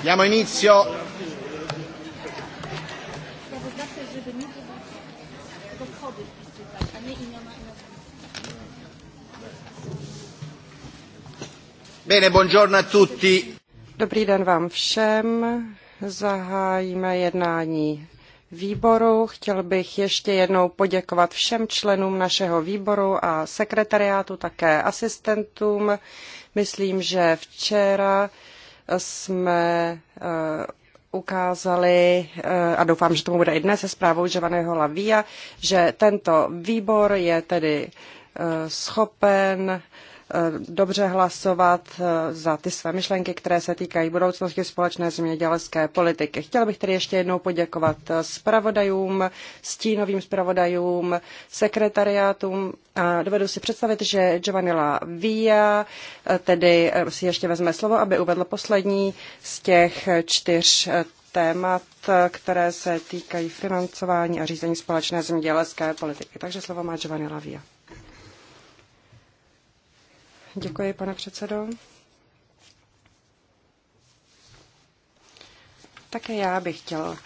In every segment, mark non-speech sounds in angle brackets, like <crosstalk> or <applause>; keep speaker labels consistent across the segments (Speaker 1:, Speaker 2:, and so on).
Speaker 1: Diamo
Speaker 2: inizio.
Speaker 3: Bene, buongiorno a tutti. Dobrý den vám všem. Zahájíme jednání výboru. Chtěl bych ještě jednou poděkovat všem členům našeho výboru a sekretariátu, také asistentům. Myslím, že včera jsme eh, ukázali, eh, a doufám, že tomu bude i dnes se zprávou Giovanniho Lavia, že tento výbor je tedy eh, schopen Eh, dobře hlasovat eh, za ty své myšlenky, které se týkají budoucnosti společné zemědělské politiky. Chtěla bych tedy ještě jednou poděkovat eh, zpravodajům, stínovým zpravodajům, sekretariátům. A dovedu si představit, že La Via tedy si ještě vezme slovo, aby uvedl poslední z těch čtyř témat, které se týkají financování a řízení společné zemědělské politiky. Takže slovo má Giovanni Via. Děkuji, pane předsedo. Také já bych chtěl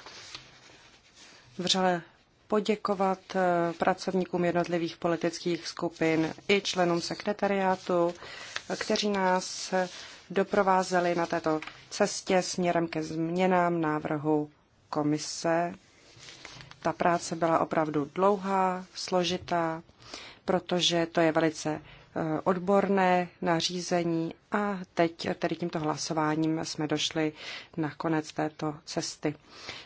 Speaker 3: vřele poděkovat eh, pracovníkům jednotlivých politických skupin i členům sekretariátu, kteří nás doprovázeli na této cestě směrem ke změnám návrhu komise. Ta práce byla opravdu dlouhá, složitá, protože to je velice Eh, odborné nařízení a teď tedy tímto hlasováním jsme došli na konec této cesty.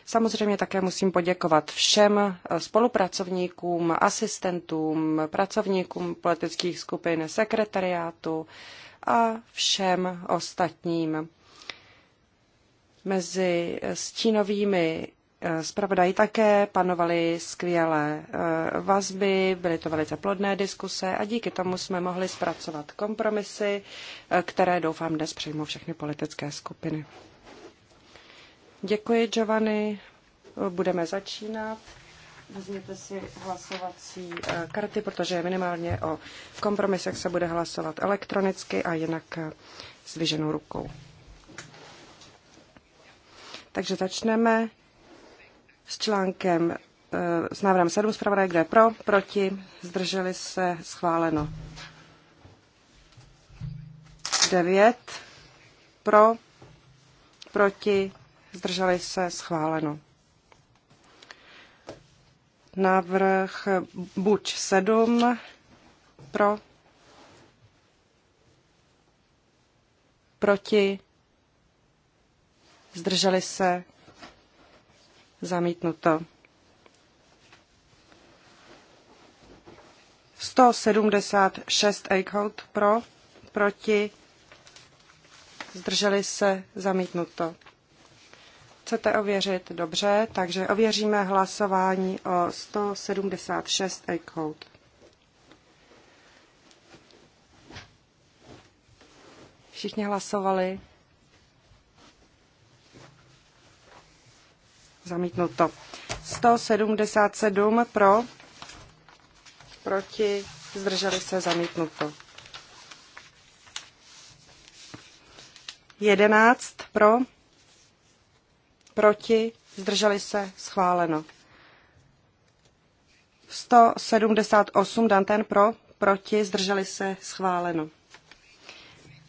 Speaker 3: Samozřejmě také musím poděkovat všem eh, spolupracovníkům, asistentům, pracovníkům politických skupin, sekretariátu a všem ostatním. Mezi stínovými zpravodaji také panovaly skvělé eh, vazby, byly to velice plodné diskuse a díky tomu jsme mohli zpracovat kompromisy, eh, které doufám dnes přijmou všechny politické skupiny. Děkuji, Giovanni. Budeme začínat. Vezměte si hlasovací eh, karty, protože minimálně o kompromisech se bude hlasovat elektronicky a jinak s vyženou rukou. Takže začneme s článkem, eh, s návrhem 7 zpravodaje, kdo je pro, proti, zdrželi se, schváleno. 9 pro, proti, zdrželi se, schváleno. Návrh buď 7 pro, proti, zdrželi se, Zamítnuto. 176 Eichhout pro, proti, zdrželi se, zamítnuto. Chcete ověřit? Dobře, takže ověříme hlasování o 176 Eichhout. Všichni hlasovali. Zamítnuto. 177 pro, proti, zdrželi se, zamítnuto. 11 pro, proti, zdrželi se, schváleno. 178 Danten pro, proti, zdrželi se, schváleno.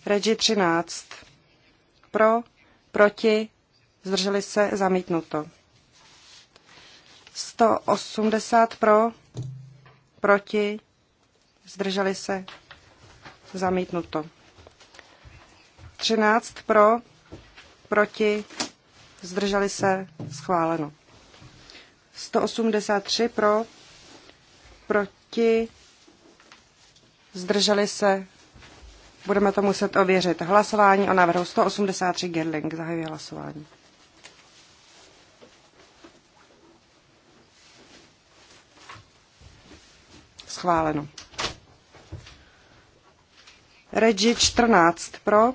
Speaker 3: Regi 13 pro, proti, zdrželi se, zamítnuto. 180 pro, proti, zdrželi se, zamítnuto. 13 pro, proti, zdrželi se, schváleno. 183 pro, proti, zdrželi se, budeme to muset ověřit. Hlasování o návrhu 183 Gerling, zahajuje hlasování. schváleno. Regi 14 pro,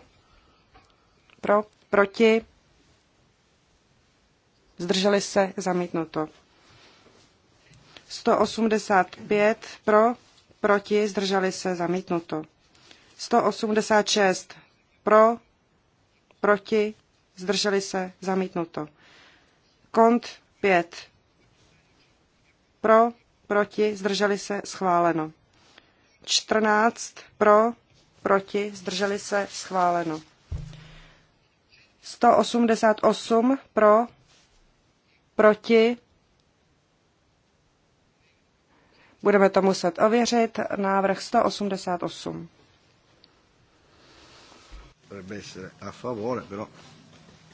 Speaker 3: pro, proti, zdrželi se, zamítnuto. 185 pro, proti, zdrželi se, zamítnuto. 186 pro, proti, zdrželi se, zamítnuto. Kont 5 pro, proti, zdrželi se, schváleno. 14 pro, proti, zdrželi se, schváleno. 188 pro, proti, budeme to muset ověřit, návrh 188.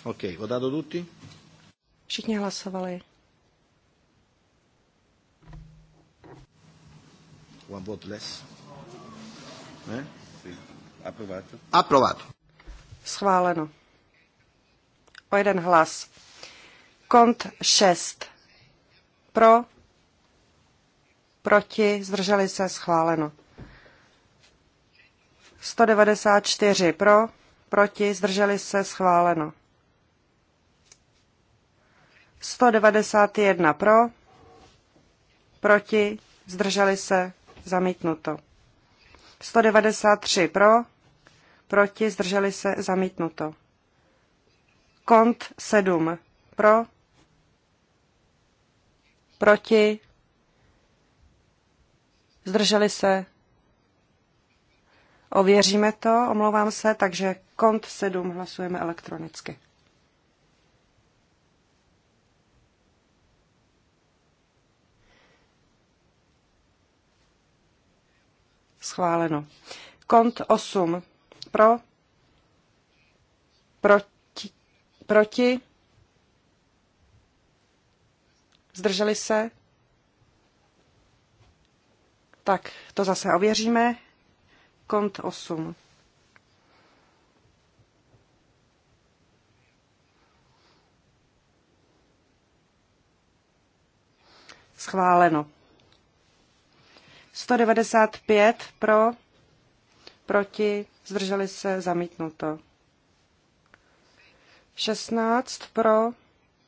Speaker 3: OK, Všichni hlasovali.
Speaker 1: One vote less. Eh?
Speaker 3: Schváleno. O jeden hlas. Kont 6. Pro. Proti. Zdrželi se. Schváleno. 194 pro, proti, zdrželi se, schváleno. 191 pro, proti, zdrželi se, zamítnuto. 193 pro, proti, zdrželi se, zamítnuto. Kont 7 pro, proti, zdrželi se. Ověříme to, omlouvám se, takže kont 7 hlasujeme elektronicky. schváleno. Kont 8 pro, proti, proti, zdrželi se. Tak to zase ověříme. Kont 8. Schváleno. 195 pro, proti, zdrželi se, zamítnuto. 16 pro,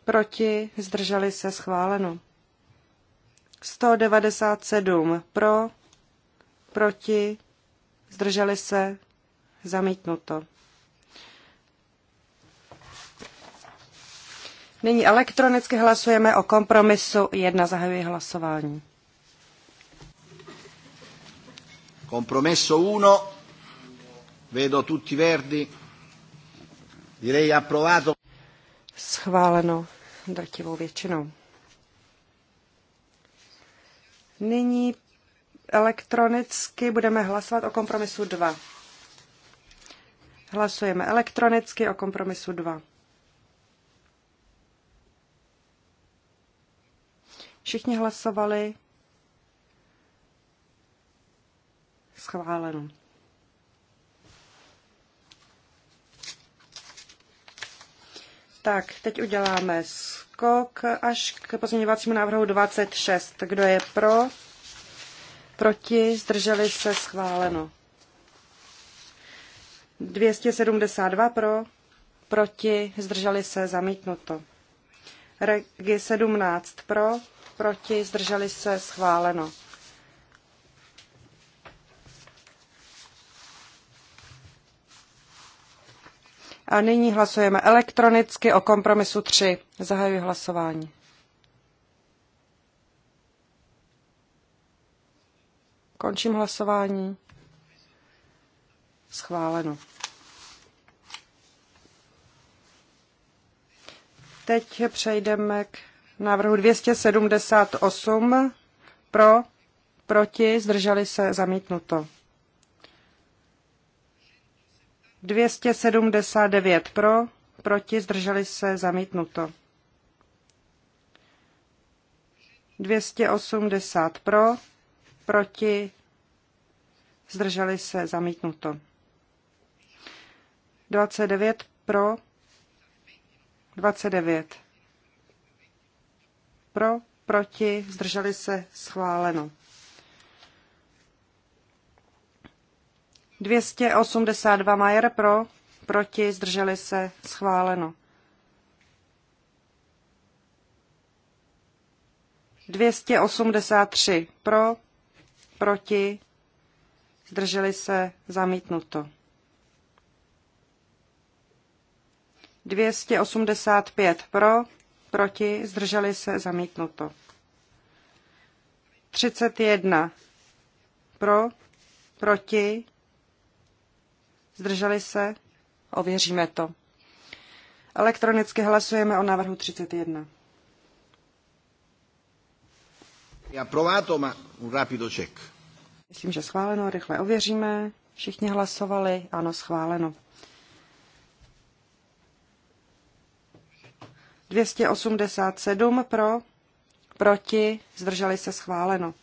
Speaker 3: proti, zdrželi se, schváleno. 197 pro, proti, zdrželi se, zamítnuto. Nyní elektronicky hlasujeme o kompromisu 1. Zahajuji hlasování.
Speaker 1: Compromesso 1, vedo tutti verdi, direi approvato.
Speaker 3: Schváleno drtivou většinou. Nyní elektronicky budeme hlasovat o kompromisu 2. Hlasujeme elektronicky o kompromisu 2. Všichni hlasovali. Schváleno. Tak, teď uděláme skok až k pozměňovacímu návrhu 26. Kdo je pro? Proti? Zdrželi se? Schváleno. 272 pro? Proti? Zdrželi se? Zamítnuto. Regi 17 pro? Proti? Zdrželi se? Schváleno. A nyní hlasujeme elektronicky o kompromisu 3. Zahajuji hlasování. Končím hlasování. Schváleno. Teď přejdeme k návrhu 278. Pro, proti, zdrželi se, zamítnuto. 279 pro, proti, zdrželi se, zamítnuto. 280 pro, proti, zdrželi se, zamítnuto. 29 pro, 29 pro, proti, zdrželi se, schváleno. 282 Majer pro, proti, zdrželi se, schváleno. 283 pro, proti, zdrželi se, zamítnuto. 285 pro, proti, zdrželi se, zamítnuto. 31 pro, proti, Zdrželi se? Ověříme to. Elektronicky hlasujeme o návrhu 31. Myslím, že schváleno, rychle ověříme. Všichni hlasovali, ano, schváleno. 287 pro, proti, zdrželi se schváleno.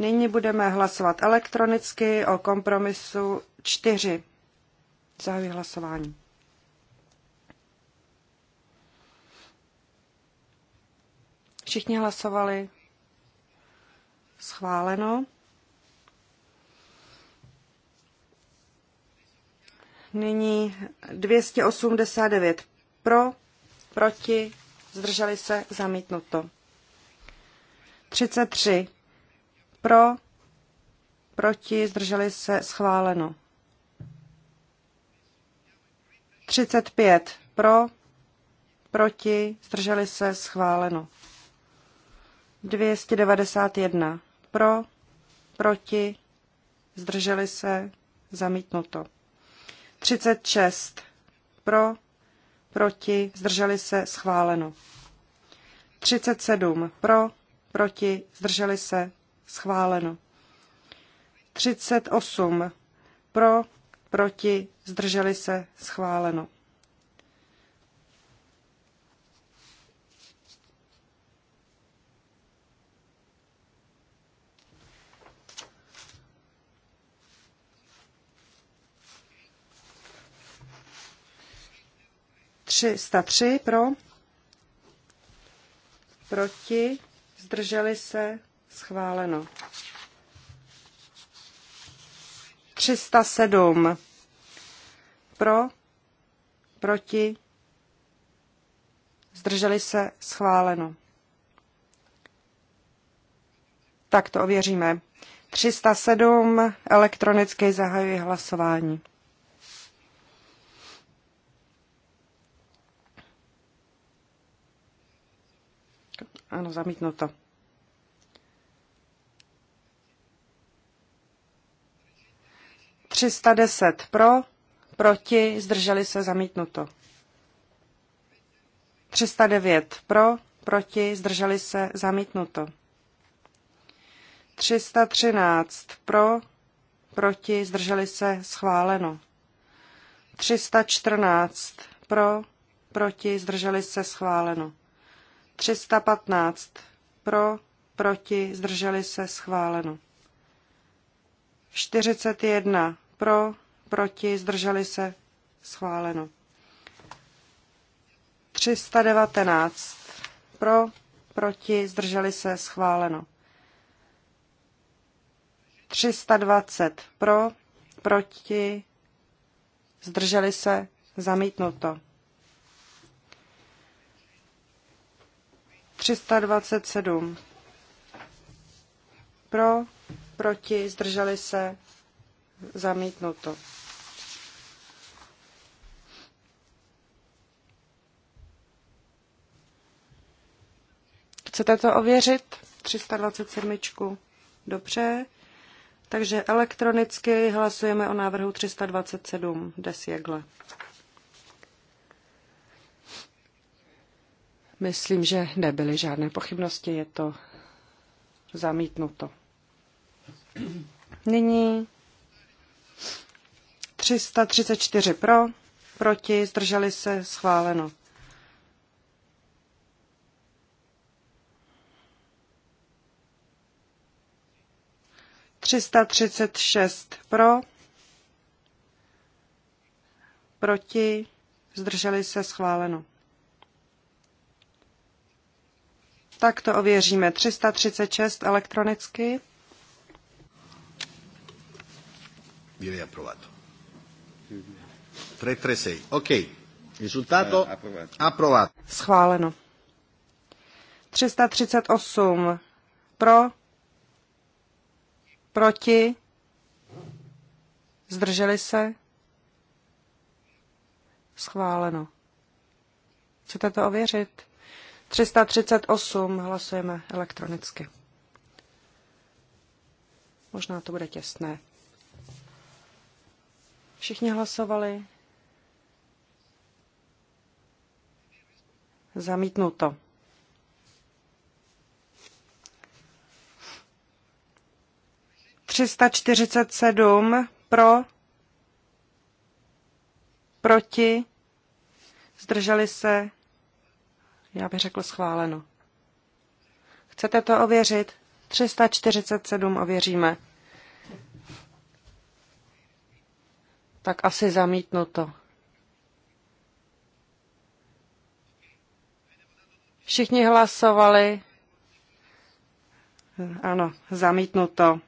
Speaker 3: Nyní budeme hlasovat elektronicky o kompromisu 4. Zahajuji hlasování. Všichni hlasovali. Schváleno. Nyní 289 pro, proti, zdrželi se, zamítnuto. 33 pro, proti, zdrželi se, schváleno. 35 pro, proti, zdrželi se, schváleno. 291 pro, proti, zdrželi se, zamítnuto. 36 pro, proti, zdrželi se, schváleno. 37 pro, proti, zdrželi se, Schváleno. 38. Pro, proti, zdrželi se, schváleno. tři pro, proti, zdrželi se, Schváleno. 307. Pro, proti, zdrželi se, schváleno. Tak to ověříme. 307 elektronicky zahajuji hlasování. Ano, zamítnuto. 310 pro, proti, zdrželi se zamítnuto. 309 pro, proti, zdrželi se zamítnuto. 313 pro, proti, zdrželi se schváleno. 314 pro, proti, zdrželi se schváleno. 315 pro, proti, zdrželi se schváleno. 41 pro, proti, zdrželi se, schváleno. 319 pro, proti, zdrželi se, schváleno. 320 pro, proti, zdrželi se, zamítnuto. 327 pro, proti, zdrželi se, Zamítnuto. Chcete to ověřit? 327. Dobře. Takže elektronicky hlasujeme o návrhu 327 Desjegle. Myslím, že nebyly žádné pochybnosti, je to zamítnuto. Nyní 334 pro, proti, zdrželi se, schváleno. Třista třicet šest pro, proti, zdrželi se, schváleno. Tak to ověříme. 336 elektronicky.
Speaker 1: Direi approvato. 336. Ok. Risultato? Eh, approvato. approvato.
Speaker 3: Schváleno. 338. Pro? Proti? Zdrželi se? Schváleno. Chcete to ověřit? 338 hlasujeme elektronicky. Možná to bude těsné. Všichni hlasovali. Zamítnuto. Třista čtyřicet sedm pro, proti, zdrželi se, já bych řekl schváleno. Chcete to ověřit? 347 ověříme. tak asi zamítnuto. Všichni hlasovali. Ano, zamítnuto.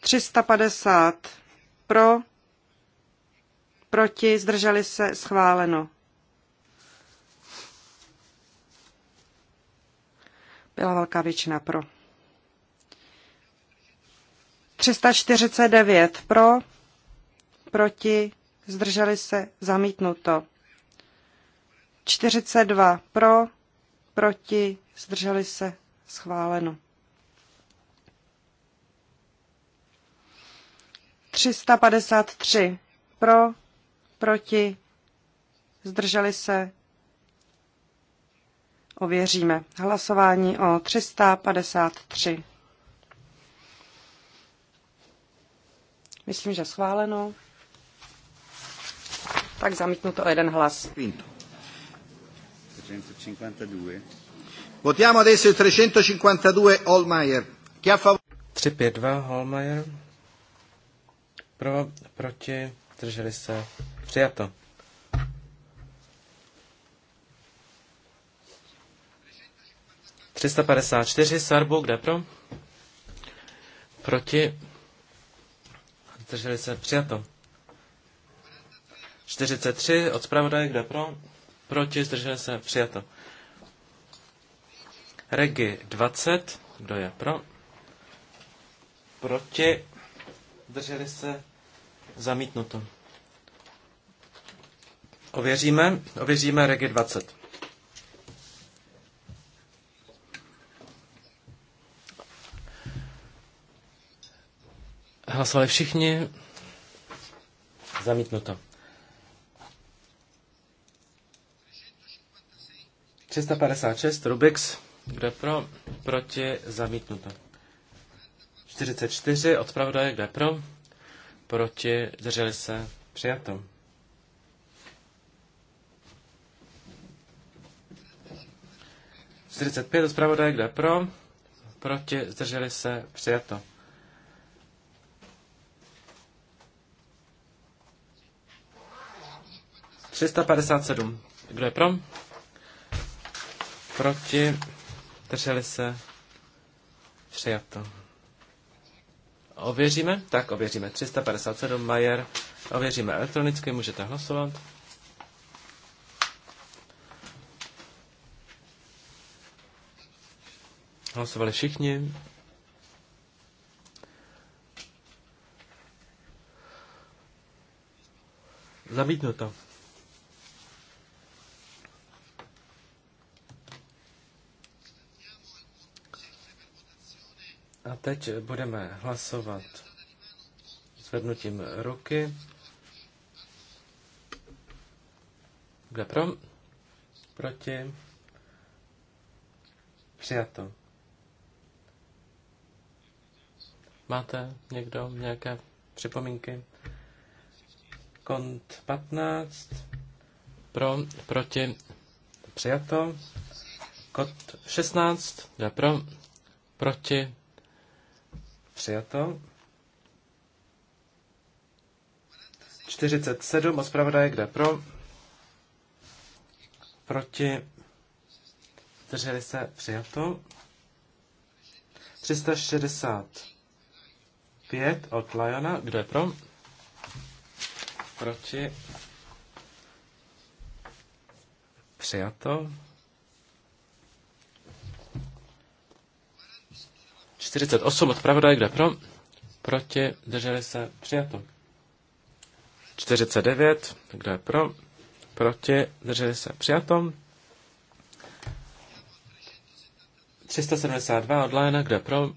Speaker 3: 350 pro, proti, zdrželi se, schváleno. Byla velká většina pro. 349 pro, proti, zdrželi se, zamítnuto. 42 pro, proti, zdrželi se, schváleno. 353 pro, proti, zdrželi se, ověříme. Hlasování o 353. Myslím, že schváleno. Tak to o jeden hlas. Votiamo adesso il
Speaker 2: 352 Holmeyer. Chi ha favore? 352 Holmeyer. Pro, proti, drželi se. Přijato. 354 Sarbu, kde pro? Proti, Zdrželi se. Přijato. 43 od zpravodaje, kde pro? Proti, zdrželi se. Přijato. Regi 20, kdo je pro? Proti, zdrželi se. Zamítnuto. Ověříme, ověříme Regi 20. Hlasovali všichni. Zamítnuto. 356, Rubix, kde pro, proti, zamítnuto. 44, odpravda je, kde pro, proti, drželi se, přijato. 45 od zpravodaje, kde pro, proti, zdrželi se, přijato. 357. Kdo je pro? Proti? Drželi se? Přijato. Ověříme? Tak, ověříme. 357 Majer. Ověříme elektronicky, můžete hlasovat. Hlasovali všichni. to. teď budeme hlasovat zvednutím ruky. Kde pro? Proti? Přijato. Máte někdo nějaké připomínky? Kont 15. Pro, proti, přijato. Kont 16. Kde pro? Proti, Přijato. 47 od zpravodaje, kde pro? Proti. Zdrželi se. Přijato. 365 od Lajona, kdo je pro? Proti. Přijato. 48 od pravda, kde pro, proti, drželi se, přijato. 49, kde je pro, proti, drželi se, přijato. 372 od Lajena, kde je pro,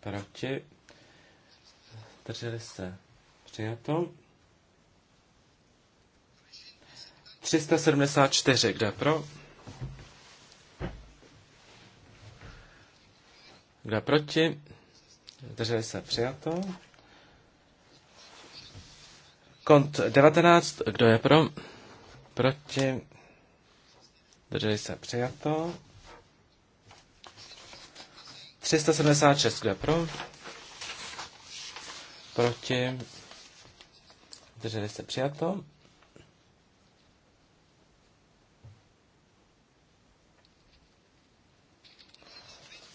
Speaker 2: proti, drželi se, přijato. 374, kde je pro, Kdo je proti? Drželi se přijato. Kont 19. Kdo je pro? Proti? Drželi se přijato. 376. Kdo je pro? Proti? Drželi se přijato.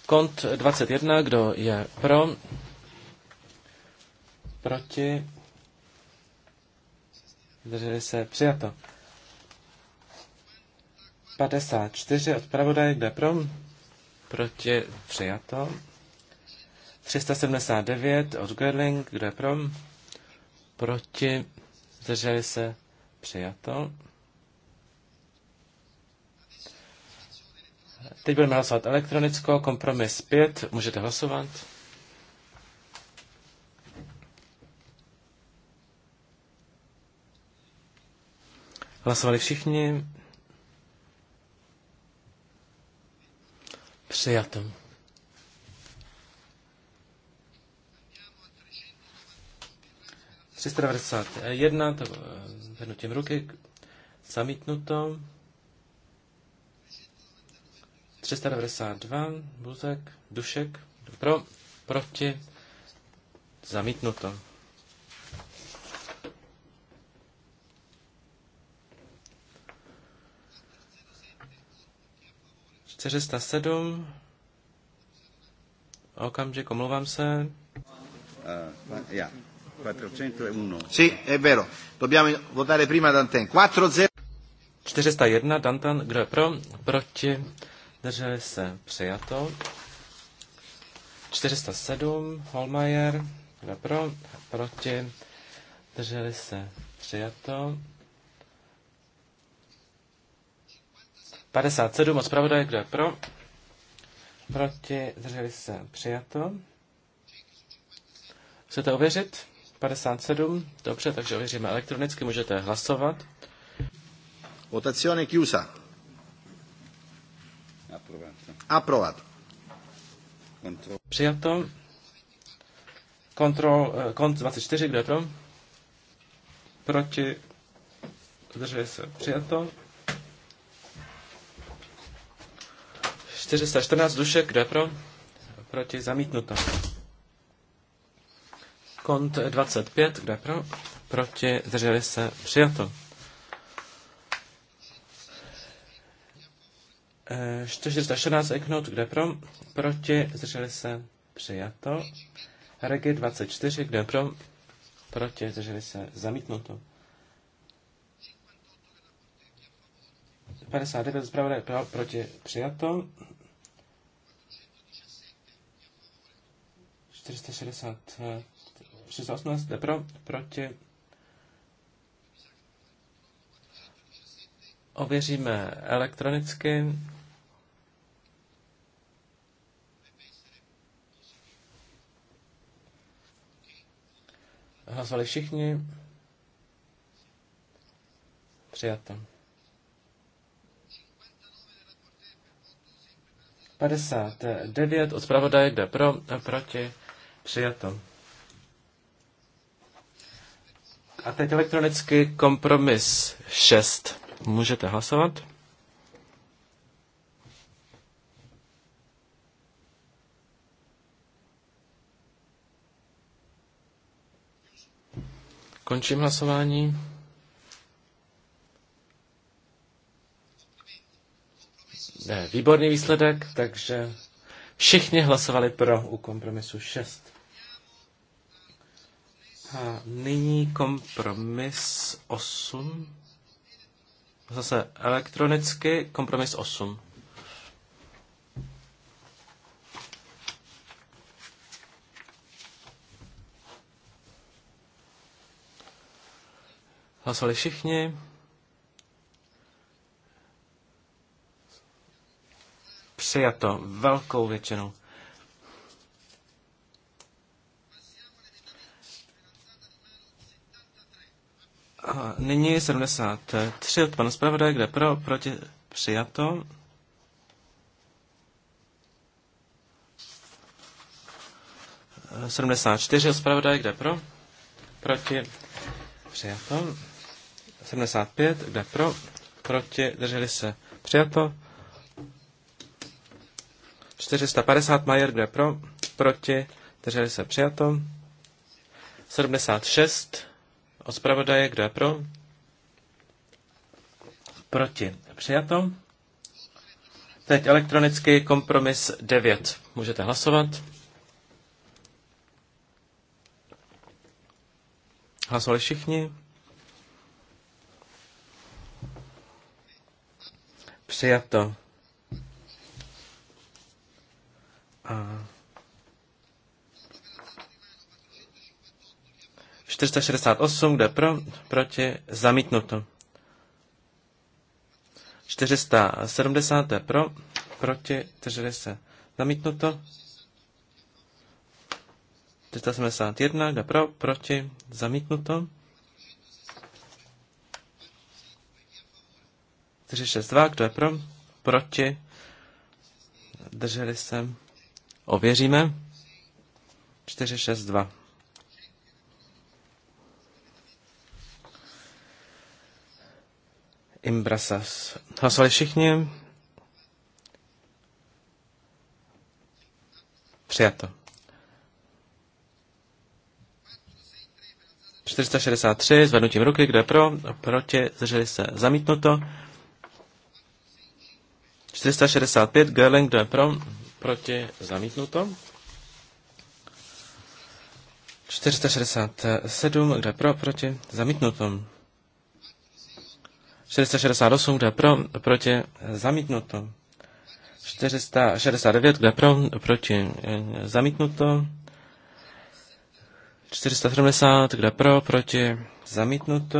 Speaker 2: Kont 21, kdo je pro? Proti? Zdrželi se přijato. 54 od pravodaje, kde pro? Proti přijato. 379 od Gerling, kde pro? Proti zdrželi se přijato. Teď budeme hlasovat elektronicko, kompromis 5, můžete hlasovat. Hlasovali všichni. Přijatom. Třista jedna, to hnutím eh, ruky, zamítnuto. 392, Buzek, Dušek, pro, proti, zamítnuto. Čtyřista sedm, okamžik, omlouvám se. Uh,
Speaker 3: yeah.
Speaker 1: 401.
Speaker 2: Sì, è vero. Dobbiamo votare prima Danten. 40... 401 Dantan, kdo je pro? Proti. Drželi se přijato. 407 Holmajer, kdo pro, proti, drželi se přijato. 57 od zpravodaje, kdo je pro, proti, drželi se přijato. Chcete ověřit? 57, dobře, takže ověříme elektronicky, můžete hlasovat. Votazione chiusa. Aprovat. Přijato. Kontrol, eh, kont 24, kde je pro? Proti. Zdržuje se. Přijato. 414 dušek, kde je pro? Proti zamítnuto. Kont 25, kde je pro? Proti zdrželi se. Přijato. 414 Eknot, kde pro, proti, zdrželi se, přijato. Regi 24, kde pro, proti, zdrželi se, zamítnuto. 59 zpravodaj pro, proti, přijato. 460, 618 jde pro, proti. Ověříme elektronicky. Hlasovali všichni. Přijato. 59 od zpravodaje jde pro, proti, přijato. A teď elektronicky kompromis 6. Můžete hlasovat. Končím hlasování. Ne, výborný výsledek, takže všichni hlasovali pro u kompromisu 6. A nyní kompromis 8. Zase elektronicky kompromis 8. Hlasovali všichni. Přijato velkou většinou. A nyní 73 od pana zpravodaje, kde pro, proti, přijato. Sedmdesát čtyři, od kde pro, proti, přijato. 75, kde pro, proti, drželi se, přijato. 450 Majer, kde pro, proti, drželi se, přijato. 76 od zpravodaje, kdo je pro? Proti. Přijato. Teď elektronický kompromis 9. Můžete hlasovat. Hlasovali všichni. Přijato. A 468, kde pro, proti, zamítnuto. 470, pro, proti, drželi se, zamítnuto. 471, kde pro, proti, zamítnuto. 462, kdo je pro? Proti? Drželi se. Ověříme. 462. Imbrasas. Hlasovali všichni? Přijato. 463, zvednutím ruky, kdo je pro, proti, zdrželi se, zamítnuto. 465 Gerling, de pro? Proti zamítnuto. 467, kde pro, proti, zamítnuto. 468, kde pro, proti, zamítnuto. 469, kde pro, proti, zamítnuto. 470, kde pro, proti, zamítnuto.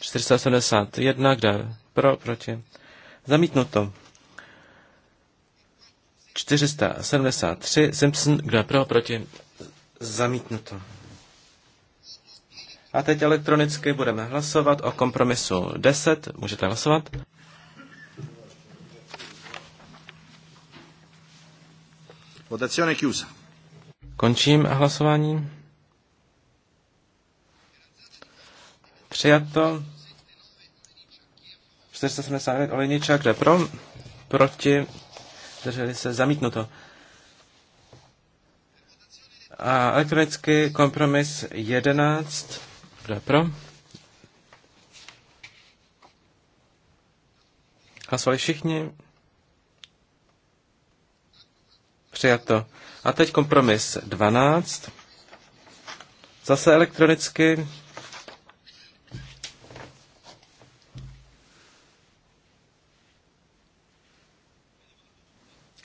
Speaker 2: 471, kde pro, proti, Zamítnuto. 473 Simpson, kdo pro, proti, zamítnuto. A teď elektronicky budeme hlasovat o kompromisu 10. Můžete hlasovat.
Speaker 3: Votazione chiusa.
Speaker 2: Končím hlasování. Přijato. 479 Olejničák, kde pro, proti, drželi se, zamítnuto. A elektronický kompromis 11, kde pro. Hlasovali všichni. Přijato. A teď kompromis 12. Zase elektronicky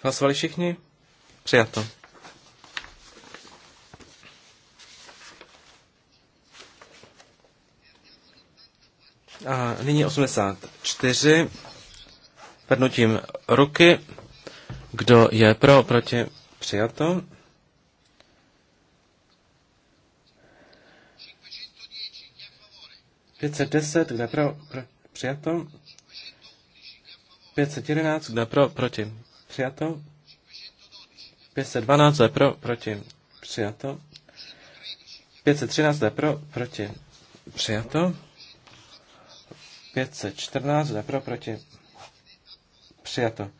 Speaker 2: Hlasovali všichni? Přijato. A nyní 84. Prdnutím ruky. Kdo je pro, proti, přijato. deset, kde pro, pro přijato. Pětset jedenáct, kde pro, proti, přijato. 512 je pro, proti, přijato. 513 je pro, proti, přijato. 514 je pro, proti, přijato.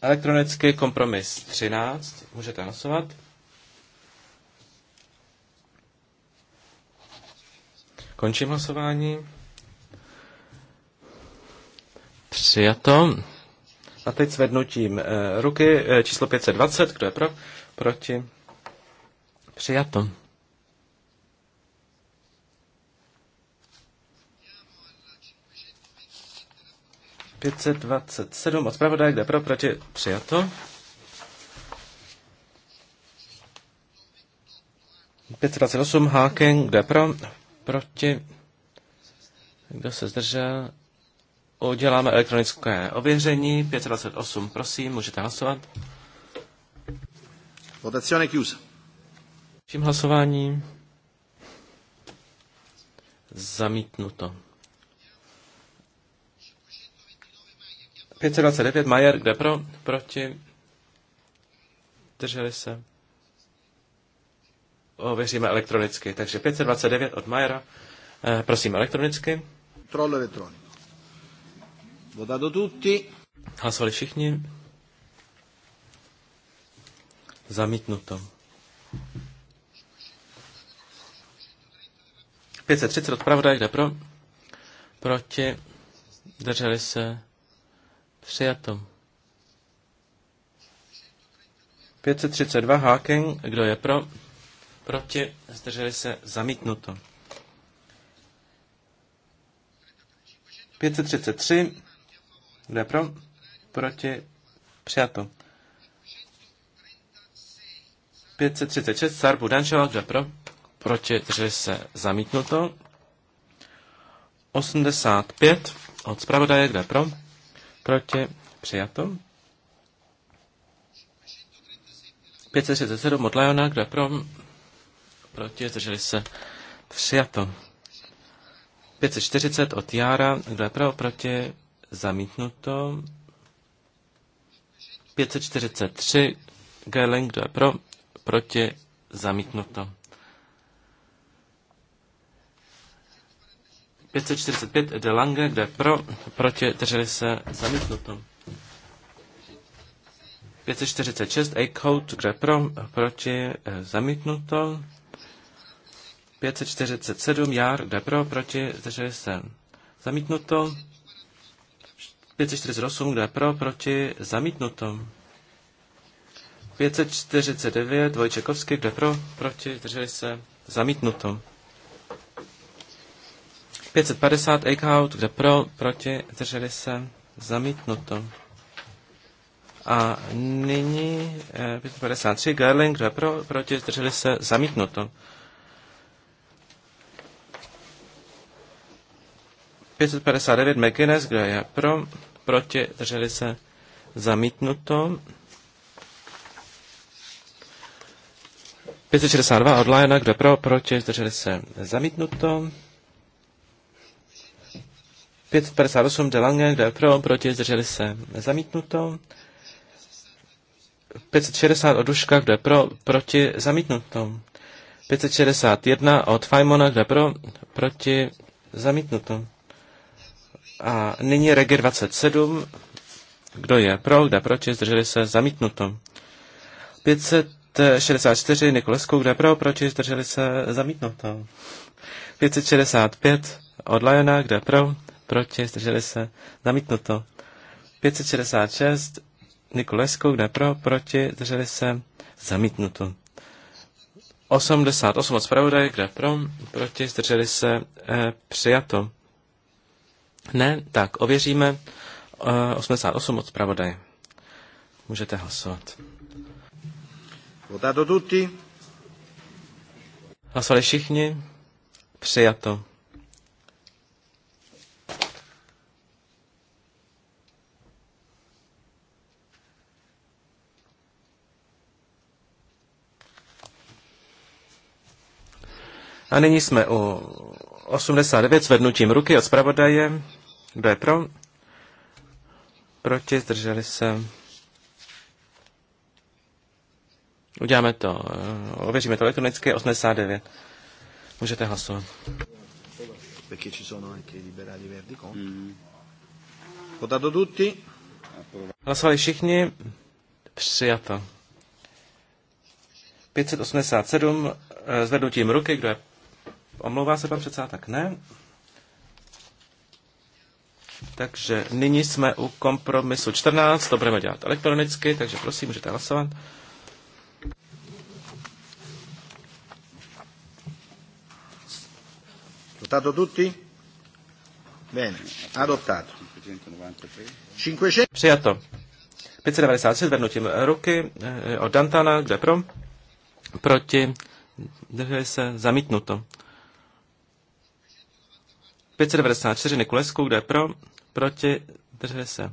Speaker 2: Elektronický kompromis 13, můžete hlasovat. Končím hlasování. Přijato. A teď zvednutím eh, ruky eh, číslo 520. Kdo je pro? Proti? Přijato. Pětset dvacet sedm od zpravodaje, kde pro, proti, přijato. 528 Háken, kde pro, proti, kdo se zdržel, Uděláme elektronické ověření. 528, prosím, můžete hlasovat. Votazione chiusa. Vším hlasování? Zamítnuto. 529 Majer, kde pro? Proti. Drželi se. Ověříme elektronicky. Takže 529 od Majera. Eh, prosím elektronicky. Troll elektronik. Votato tutti. Hlasovali všichni. Zamítnuto. 530 od pravda, kde pro? Proti. Drželi se. Přijato. 532 Háken, kdo je pro? Proti. Zdrželi se. Zamítnuto. 533 kdo je pro? Proti? Přijato. 536, Sar Budančova, kdo je pro? Proti, že se zamítnuto. 85 od zpravodaje, kde pro? Proti, přijato. 537 od Leona, kde pro? Proti, zdrželi se přijato. 540 od Jára, kde pro? Proti, Zamítnuto. 543. Gelen, kdo je pro? Proti. Zamítnuto. 545 De Lange, je pro, proti, drželi se zamítnuto. 546 Eichhout, je pro, proti, eh, zamítnuto. 547 Jar, je pro, proti, drželi se zamítnuto. 548, je pro, proti, zamítnuto. 549, Vojčekovský, je pro, proti, drželi se, zamítnuto. 550, Eichhout, kde pro, proti, drželi se, zamítnuto. A nyní 553, eh, Gerling, je pro, proti, drželi se, zamítnuto. 559 McGuinness, kdo je pro, proti, drželi se zamítnuto. 562 od Liona, kdo pro, proti, zdrželi se zamítnuto. 558 Delange, kdo je pro, proti, zdrželi se zamítnuto. 560 od Duška, kdo je pro, proti, zamítnuto. 561 od Fajmona, kdo je pro, proti, zamítnuto. A nyní Regi 27. Kdo je pro, kde proti, zdrželi se, zamítnuto. 564 Nikoleskou, kde pro, proti, zdrželi se, zamítnuto. 565 od Lajona, kde pro, proti, zdrželi se, zamítnuto. 566 Nikoleskou, kde pro, proti, zdrželi se, zamítnuto. 88 od zpravodaje, kde pro, proti, zdrželi se, e, přijato. Ne, tak ověříme 88 eh, od zpravodaje. Můžete hlasovat.
Speaker 1: Votato tutti.
Speaker 2: Hlasovali všichni. Přijato. A nyní jsme u 89 s vednutím ruky od zpravodaje. Kdo je pro? Proti, zdrželi se. Uděláme to, eh, ověříme to elektronicky, 89. Můžete hlasovat. Perché ci sono anche
Speaker 1: liberali verdi contro. Mm-hmm. Votato tutti.
Speaker 2: Hlasovali všichni. Přijato. 587 eh, zvednutím ruky, kdo je... Omlouvá se pan předseda, tak ne. Takže nyní jsme u kompromisu 14, to budeme dělat elektronicky, takže prosím, můžete hlasovat.
Speaker 1: Votato tutti? Bene, adottato.
Speaker 2: Přijato. 596 vrnutím ruky eh, od Dantana, kde pro? Proti, drželi se, zamítnuto. 594 Nikulesku, kde pro? proti, drželi se.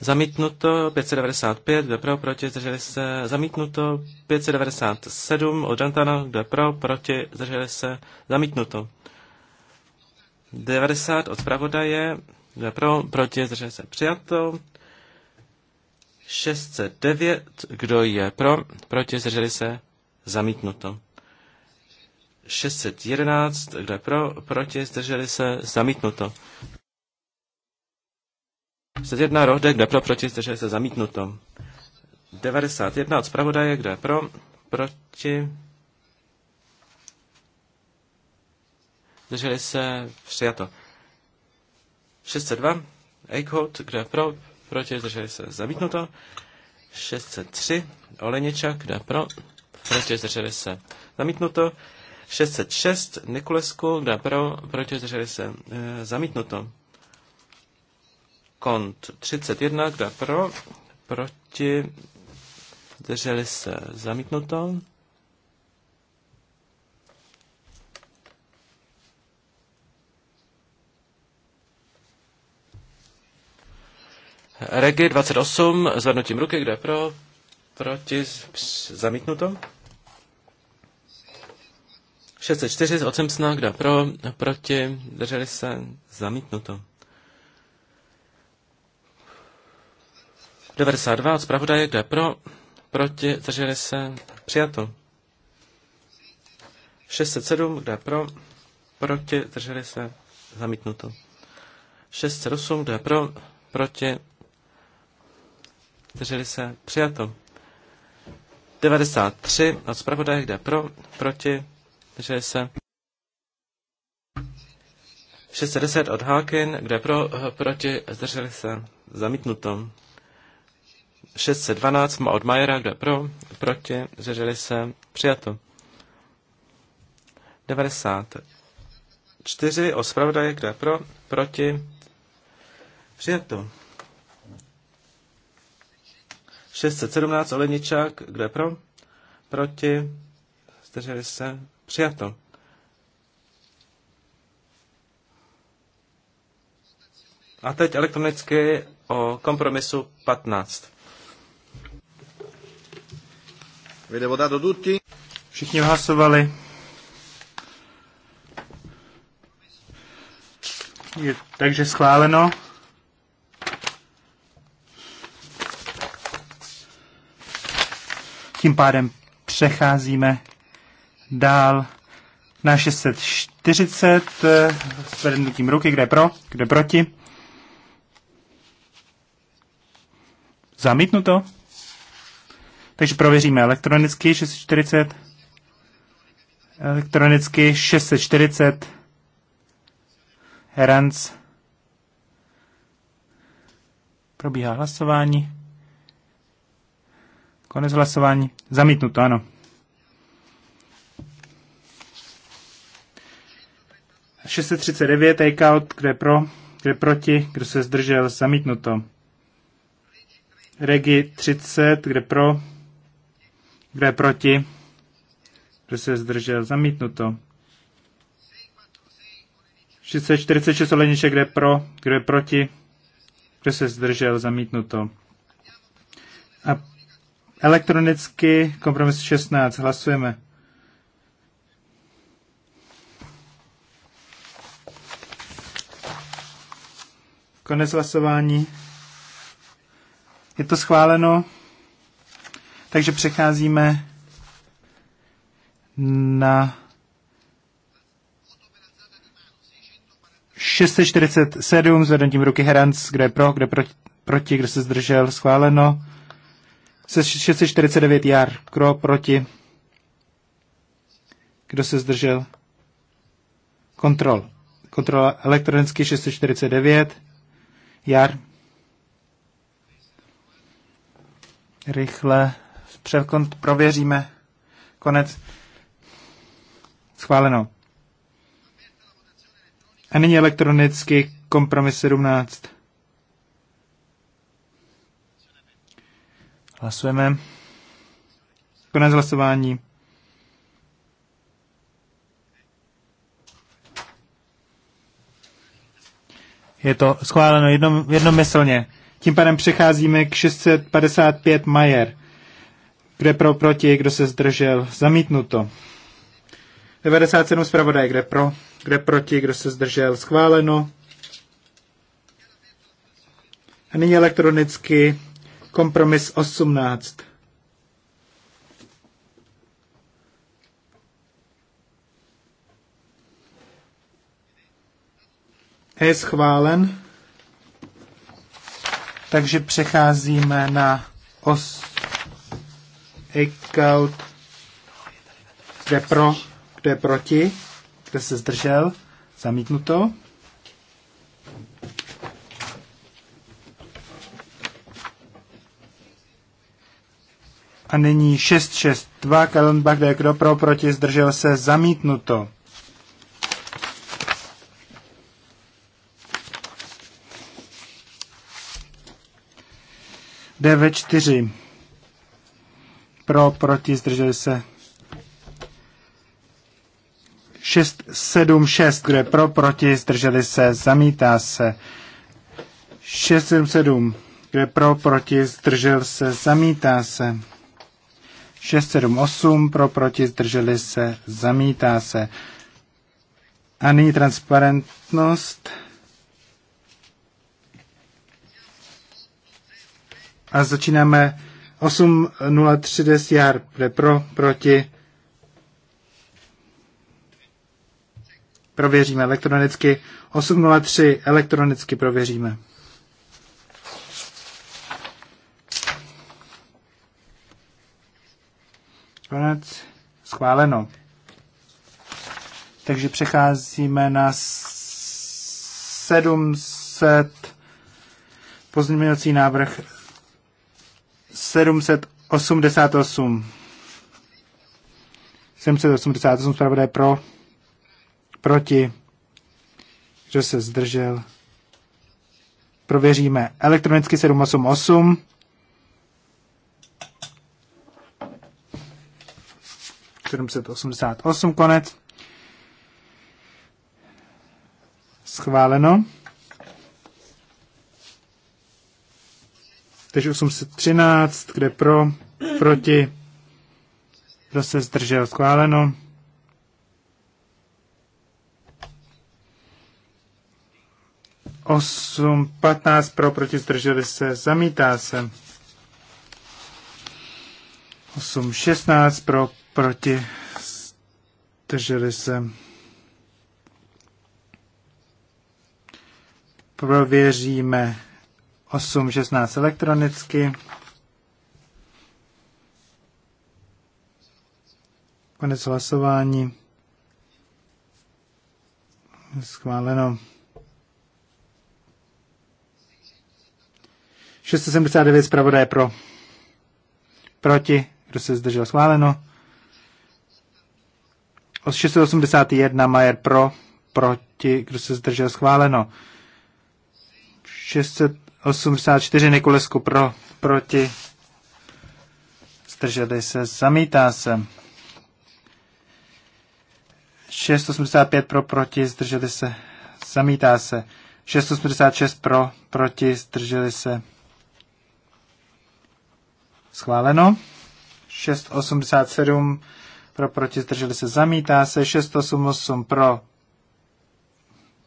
Speaker 2: Zamítnuto 595, kdo pro, proti, zdrželi se. Zamítnuto 597 od Dantana, kdo pro, proti, zdrželi se. Zamítnuto. 90 od zpravodaje, kdo pro, proti, zdrželi se. Přijato. 609, kdo je pro, proti, zdrželi se. Zamítnuto. 611, kdo je pro, proti, zdrželi se. Zamítnuto. 61 rohde, kde pro, proti, zdržuje se zamítnuto. 91 od zpravodaje, kde pro, proti, zdrželi se přijato. 602, Eichhout, kde pro, proti, zdrželi se zamítnuto. 603, Oleničak, kde pro, proti, zdrželi se zamítnuto. 606, Nikulesku, kde pro, proti, zdrželi se e, zamítnuto. Kont 31, je pro, proti, drželi se zamítnuto. Regi 28, zvednutím ruky, je pro, proti, zamítnuto. 604 od Simpsona, kde pro, proti, drželi se, zamítnuto. 92 od zpravodaje, kdo je pro, proti, zdrželi se, přijato. 607, kdo je pro, proti, zdrželi se, zamítnuto. 608, kdo je pro, proti, zdrželi se, přijato. 93 od zpravodaje, je pro, proti, zdrželi se. 610 od Hákin, kde pro, proti, zdrželi se, zamítnuto. 612 má od Majera, kdo je pro, proti, zdrželi se, přijato. 94 o zpravodaje, kdo je pro, proti, přijato. 617 o Leničák, kdo je pro, proti, zdrželi se, přijato. A teď elektronicky o kompromisu 15. Všichni
Speaker 1: hlasovali. Je takže schváleno. Tím pádem přecházíme dál na 640 eh, s vednutím ruky, kde pro, kde proti. Zamítnuto. Takže prověříme elektronicky 640. Elektronicky 640. Herans. Probíhá hlasování. Konec hlasování. Zamítnuto, ano. A 639 takeout, kde pro, kde proti, kdo se zdržel, zamítnuto. Regi 30, kde pro, kdo je proti? Kdo se zdržel? Zamítnuto. 646 Oleniček, kde je pro? Kdo je proti? Kdo se zdržel? Zamítnuto. A elektronicky kompromis 16. Hlasujeme. Konec hlasování. Je to schváleno. Takže přecházíme na 647 zvednutím ruky Heranc, kde je pro, kde proti, proti, kde se zdržel, schváleno. 649 Jar, kro, proti. Kdo se zdržel? Kontrol. Kontrola elektronicky 649. Jar. Rychle překont, prověříme. Konec. Schváleno. A nyní elektronicky kompromis 17. Hlasujeme. Konec hlasování. Je to schváleno jednom, jednomyslně. Tím pádem přecházíme k 655 Majer. Kde pro, proti, kdo se zdržel, zamítnuto. 97 zpravodaj, kde pro, kde proti, kdo se zdržel, schváleno. A nyní elektronicky kompromis 18. Je schválen. Takže přecházíme na os Eichhout, kde pro, kde proti, kde se zdržel, zamítnuto. A nyní 662, Kalenbach, kde je kdo pro, proti, zdržel se, zamítnuto. DV4 pro, proti, zdrželi se. 6, 7, 6, kdo je pro, proti, zdrželi se, zamítá se. 6, 7, 7, kdo je pro, proti, zdržel se, zamítá se. 6, 7, 8, pro, proti, zdrželi se, zamítá se. A nyní transparentnost. A začínáme 803 DSR pro, proti. Prověříme elektronicky. 803 elektronicky prověříme. Konec. Schváleno. Takže přecházíme na 700 pozměňovací návrh 788. 788 zpravodaj pro, proti, kdo se zdržel. Prověříme elektronicky 788. osm konec. Schváleno. Takže 813, kde pro, proti, kdo se zdržel, schváleno. Osm, patnáct pro, proti, zdrželi se, zamítá se. Osm, šestnáct pro, proti, zdrželi se. Prověříme 8.16 elektronicky. Konec hlasování. Schváleno. 679 zpravodaje pro. Proti. Kdo se zdržel? Schváleno. 681 Majer pro. Proti. Kdo se zdržel? Schváleno. 600 84 Nikolesku pro, proti. Zdrželi se, zamítá se. 685 pro, proti, zdrželi se, zamítá se. 686 pro, proti, zdrželi se. Schváleno. 687 pro, proti, zdrželi se, zamítá se. 688 pro,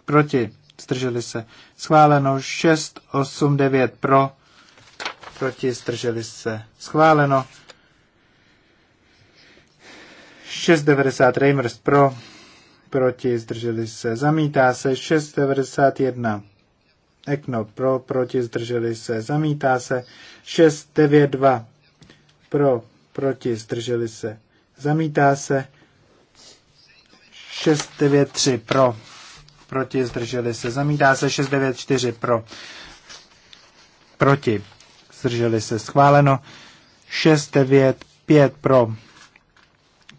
Speaker 1: proti zdrželi se. Schváleno 6, 8, 9 pro, proti, zdrželi se. Schváleno 6, 90 Reimers pro, proti, zdrželi se. Zamítá se 6, 91 Ekno pro, proti, zdrželi se. Zamítá se 6, 9, 2 pro, proti, zdrželi se. Zamítá se 6,93 pro proti, zdrželi se, zamítá se 694 pro, proti, zdrželi se, schváleno 695 pro,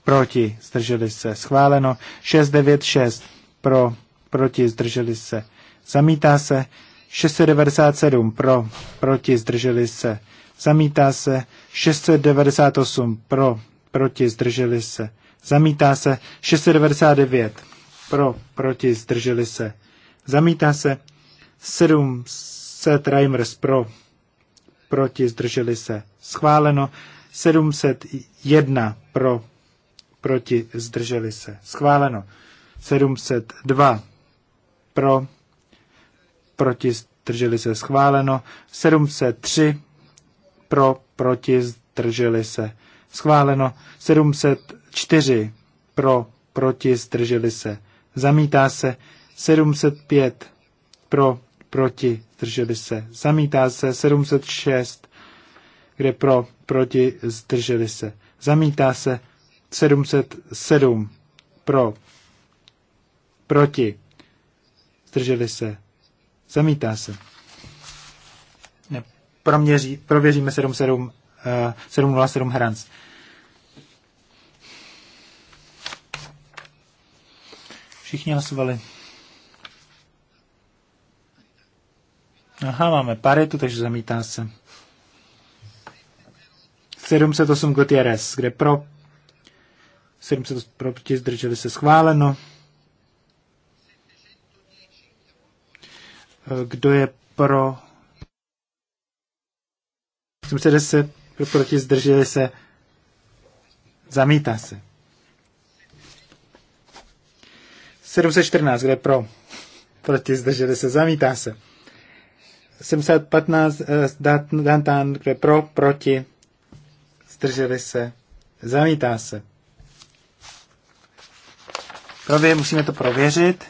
Speaker 1: proti, zdrželi se, schváleno 696 pro, proti, zdrželi se, zamítá se 697 pro, proti, zdrželi se, zamítá se 698 pro, proti, zdrželi se, zamítá se 699 pro, proti, zdrželi se. Zamítá se 700 Reimers pro, proti, zdrželi se. Schváleno 701 pro, proti, zdrželi se. Schváleno 702 pro, proti, zdrželi se. Schváleno 703 pro, proti, zdrželi se. Schváleno 704 pro, proti, zdrželi se zamítá se 705 pro, proti, zdrželi se, zamítá se 706, kde pro, proti, zdrželi se, zamítá se 707 pro, proti, zdrželi se, zamítá se. Ne, proměří, prověříme 707, uh, 707 Hranc. Všichni hlasovali. Aha, máme paritu, takže zamítá se. 708 Gutierrez, kde pro 700 proti, zdrželi se schváleno. Eh, kdo je pro 710 proti, zdrželi se zamítá se. 714, kde pro? Proti zdrželi se, zamítá se. 715, Dantan, kde pro, proti, zdrželi se, zamítá se. Prově, musíme to prověřit.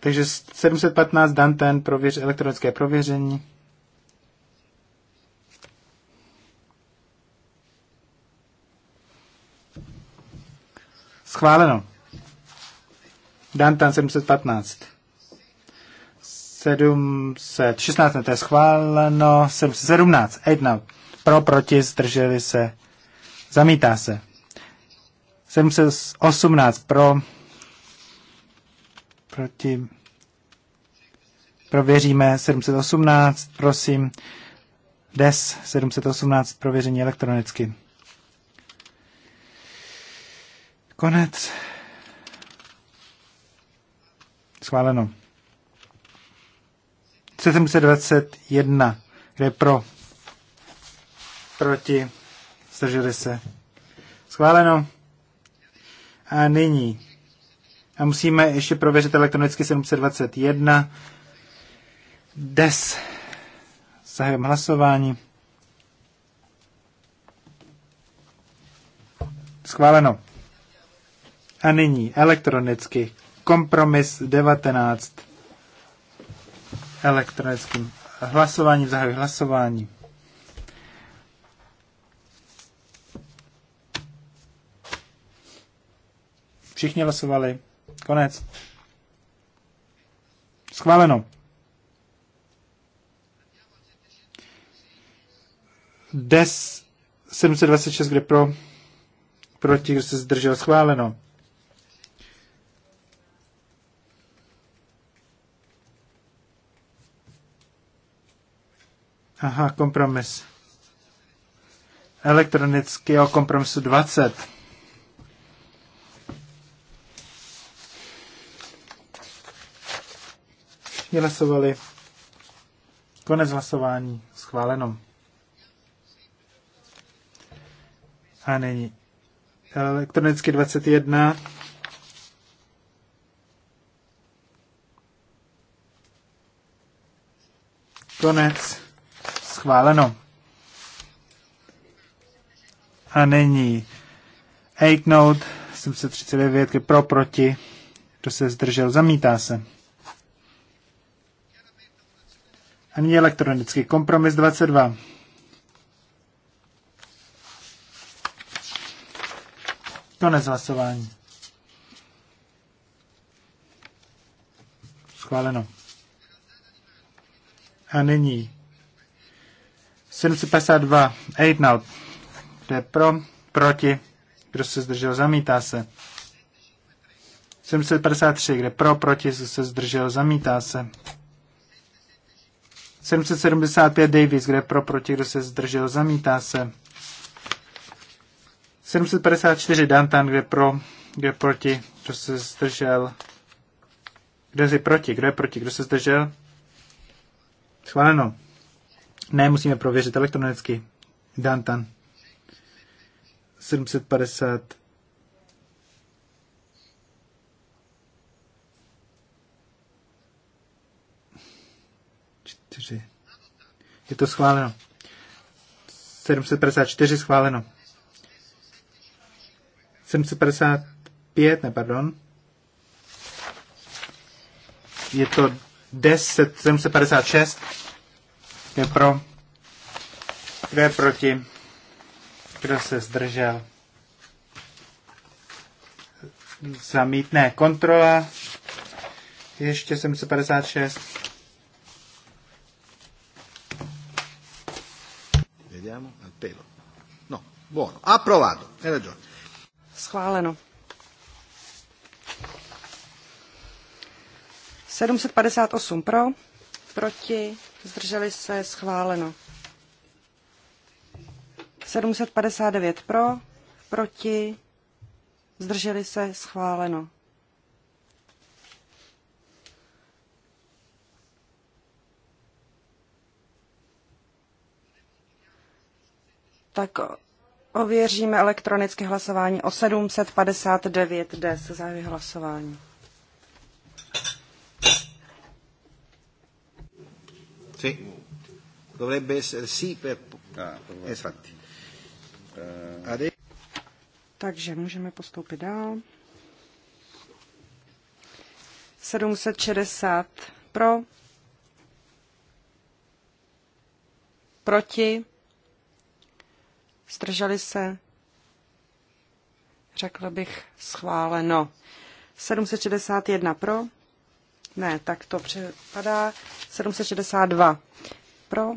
Speaker 1: Takže 715 Danten, prověř, elektronické prověření. Schváleno. Dantan 715. 716, to je schváleno. 17, 1. Pro, proti, zdrželi se. Zamítá se. 718 pro, proti, prověříme 718, prosím, DES 718, prověření elektronicky. Konec. Schváleno. 721, kde je pro, proti, zdrželi se. Schváleno. A nyní. A musíme ještě prověřit elektronicky 721. DES. Zahajujeme hlasování. Schváleno. A nyní elektronicky Kompromis 19 elektronickým hlasováním. Zahajuji hlasování. Všichni hlasovali. Konec. Schváleno. DES 726, kde pro, proti, kdo se zdržel, schváleno. Aha, kompromis. Elektronicky o kompromisu 20. Všichni hlasovali. Konec hlasování. Schváleno. A není. Elektronicky 21. Konec schváleno. A nyní Eichnout 739 pro proti. Kdo se zdržel, zamítá se. A nyní elektronický kompromis 22. Konec hlasování. Schváleno. A nyní 752 Eidnout. Kdo je pro? Proti? Kdo se zdržel? Zamítá se. 753. Kde pro? Proti? Kdo se zdržel? Zamítá se. 775 Davis. Kde pro? Proti? Kdo se zdržel? Zamítá se. 754 Dantan. Kde pro? Kde proti? Kdo se zdržel? Kde je proti? Kdo je proti? Kdo se zdržel? Schváleno. Ne, musíme prověřit elektronicky. Dantan. 750. Čtyři. Je to schváleno. 754 schváleno. 755, ne, pardon. Je to 10, 756. Kdo je pro? Kdo je proti? Kdo se zdržel? Zamítné kontrola. Ještě 756.
Speaker 3: Vediamo al pelo. No, buono. Approvato. Hai ragione. Schváleno. 758 pro, proti, zdrželi se, schváleno. 759 pro, proti, zdrželi se, schváleno. Tak ověříme elektronické hlasování o 759 des Zahajuji hlasování.
Speaker 1: Sì. Dovrebbe essere sì per...
Speaker 3: Ah, esatto. Eh. Ade... Takže můžeme postoupit dál. 760 pro, proti, zdrželi se, řekla bych, schváleno. 761 pro, ne, tak to připadá 762. Pro.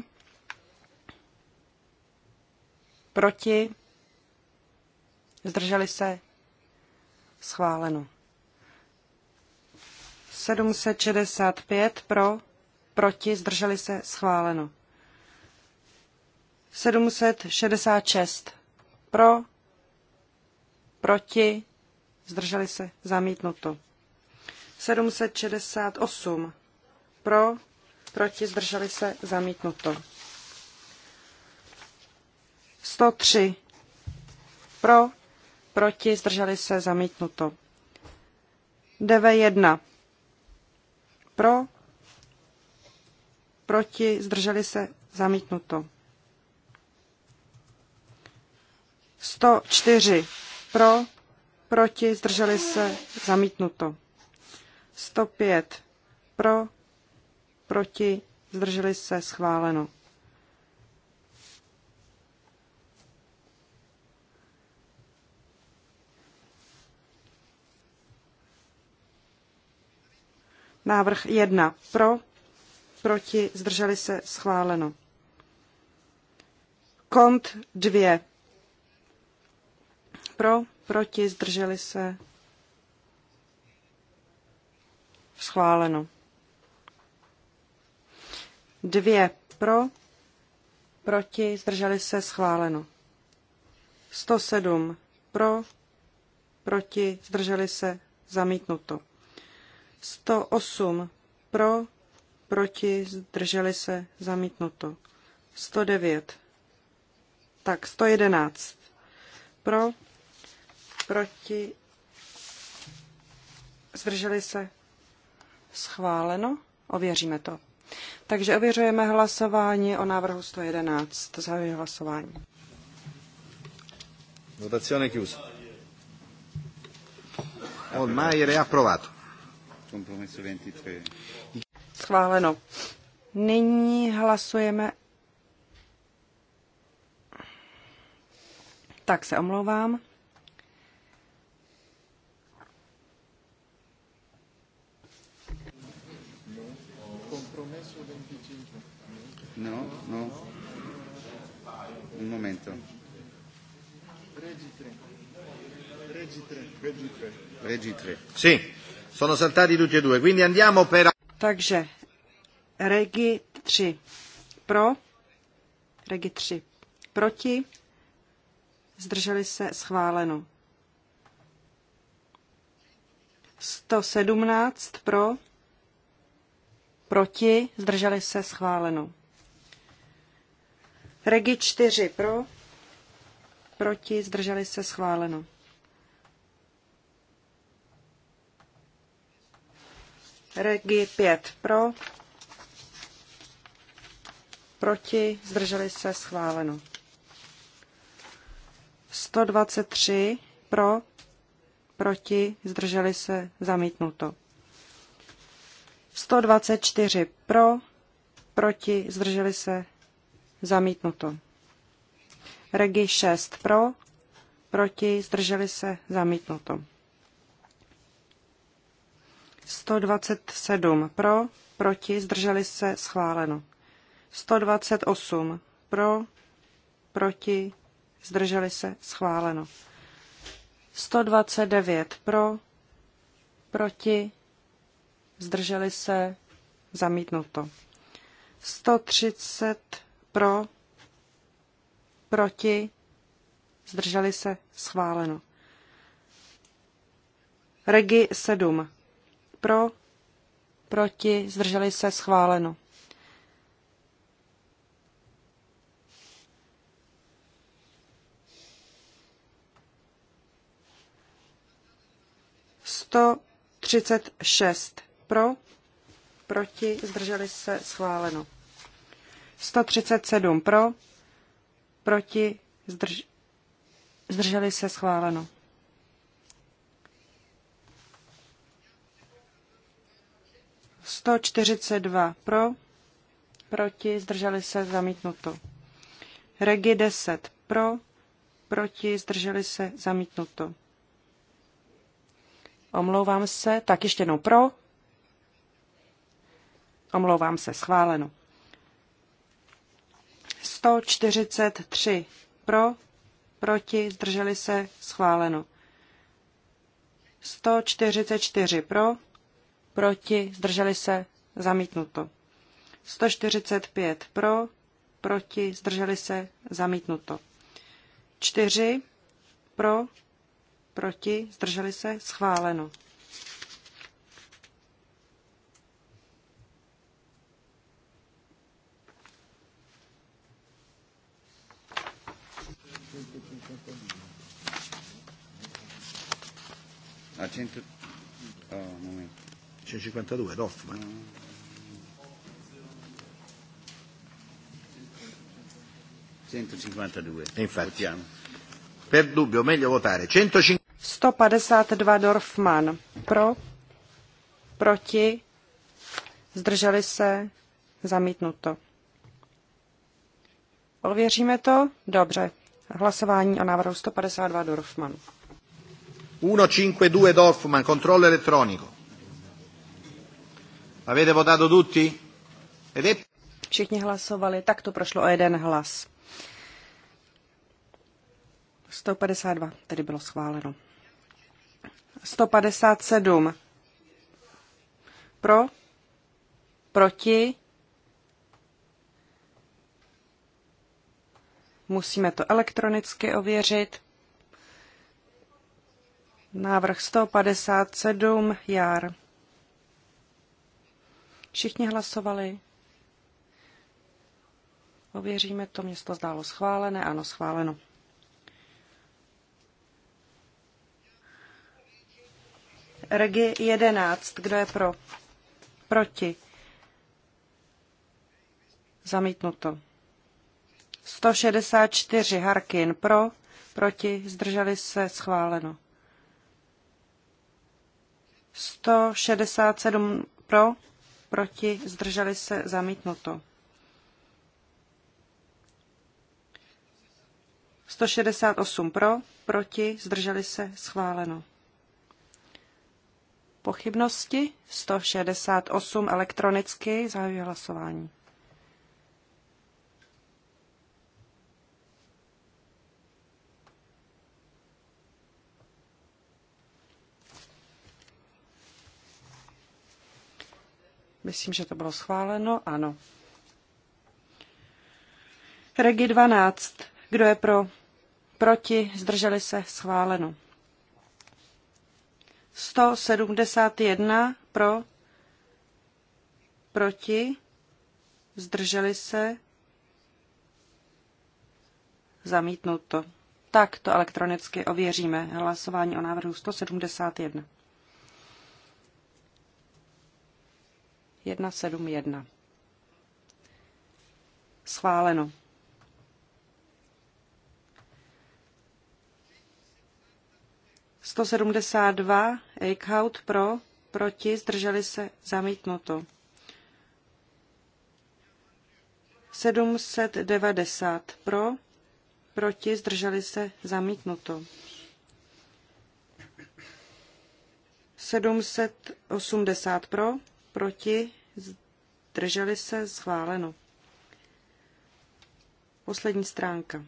Speaker 3: Proti. Zdrželi se. Schváleno. 765 pro, proti, zdrželi se, schváleno. 766 pro, proti, zdrželi se, zamítnuto. 768 pro, proti, zdrželi se, zamítnuto. 103 pro, proti, zdrželi se, zamítnuto. 91 pro, proti, zdrželi se, zamítnuto. 104 pro, proti, zdrželi se, zamítnuto. 105 pro, proti, zdrželi se, schváleno. Návrh 1 pro, proti, zdrželi se, schváleno. Kont 2 pro, proti, zdrželi se, Schváleno. Dvě pro, proti, zdrželi se, schváleno. 107 pro, proti, zdrželi se, zamítnuto. 108 pro, proti, zdrželi se, zamítnuto. 109. Tak, 111. Pro, proti, zdrželi se, Schváleno? Ověříme to. Takže ověřujeme hlasování o návrhu 111. Zahajuji hlasování. Votazione chiusa.
Speaker 1: Ormai è approvato. Compromesso 23.
Speaker 3: Schváleno. Nyní hlasujeme. Tak se omlouvám.
Speaker 1: No, no. Un momento. Regi 3.
Speaker 3: Regi 3. Sì, sono saltati tutti e due, quindi andiamo per... Takže, Regi 3. Pro. Regi 3. Proti. Zdrželi se schváleno. 117 pro, proti, zdrželi se schváleno. Regi 4 pro, proti, zdrželi se schváleno. Regi 5 pro, proti, zdrželi se schváleno. 123 pro, proti, zdrželi se zamítnuto. 124 pro, proti, zdrželi se Zamítnuto. Regi 6 pro, proti, zdrželi se, zamítnuto. 127 pro, proti, zdrželi se, schváleno. 128 pro, proti, zdrželi se, schváleno. 129 pro, proti, zdrželi se, zamítnuto. 130 pro, proti, zdrželi se, schváleno. Regi 7, pro, proti, zdrželi se, schváleno. Sto třicet šest pro, proti, zdrželi se, schváleno. 137 pro, proti, zdrž, zdrželi se schváleno. Sto čtyřicet dva pro, proti, zdrželi se zamítnuto. Regi deset pro, proti, zdrželi se zamítnuto. Omlouvám se, tak ještě jednou pro. Omlouvám se, schváleno. 143 pro, proti, zdrželi se, schváleno. 144 pro, proti, zdrželi se, zamítnuto. 145 pro, proti, zdrželi se, zamítnuto. 4 pro, proti, zdrželi se, schváleno.
Speaker 1: 100... Oh, un momento. 152, Doffman. mm. E infatti,
Speaker 3: per dubbio, meglio votare 150... 152 Dorfman. Pro, proti, zdrželi se, zamítnuto. Ověříme to? Dobře. Hlasování o návrhu 152 Dorfman.
Speaker 1: 152 Dorfman, controllo elettronico. Avete votato tutti? Ed è...
Speaker 3: Všichni hlasovali, tak to prošlo o jeden hlas. 152 tedy bylo schváleno. 157 pro, proti, musíme to elektronicky ověřit. Návrh 157 Jar. Všichni hlasovali. Ověříme to, město zdálo schválené, ano, schváleno. Regi 11, kdo je pro? Proti. Zamítnuto. 164 Harkin pro, proti, zdrželi se, schváleno. 167 pro, proti, zdrželi se, zamítnuto. 168 pro, proti, zdrželi se, schváleno. Pochybnosti 168 elektronicky zahajuji hlasování. Myslím, že to bylo schváleno. Ano. Regi 12. Kdo je pro? Proti? Zdrželi se? Schváleno. 171 pro? Proti? Zdrželi se? Zamítnout to. Tak to elektronicky ověříme. Hlasování o návrhu 171. 171. Schváleno. Sto sedmdesát dva, Eichhout pro, proti, zdrželi se, zamítnuto. 790 pro, proti, zdrželi se, zamítnuto. 780 pro, proti, zdrželi se, schváleno. Poslední stránka.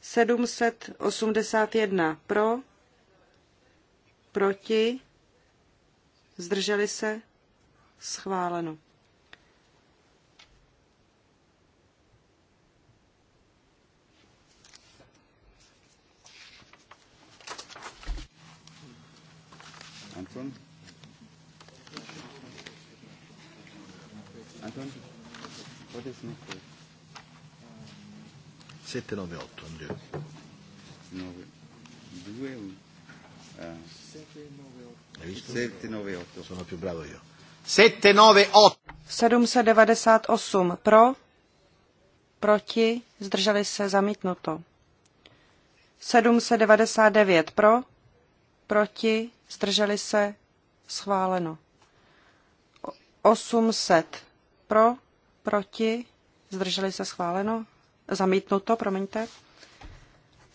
Speaker 3: 781 pro, proti, zdrželi se, schváleno.
Speaker 1: 20? What is 7, 9, 8, Sono più bravo io.
Speaker 3: 798 pro, proti, zdrželi se zamítnuto. 799 pro, proti, zdrželi se schváleno. 800 pro, proti, zdrželi se schváleno, zamítnuto, promiňte,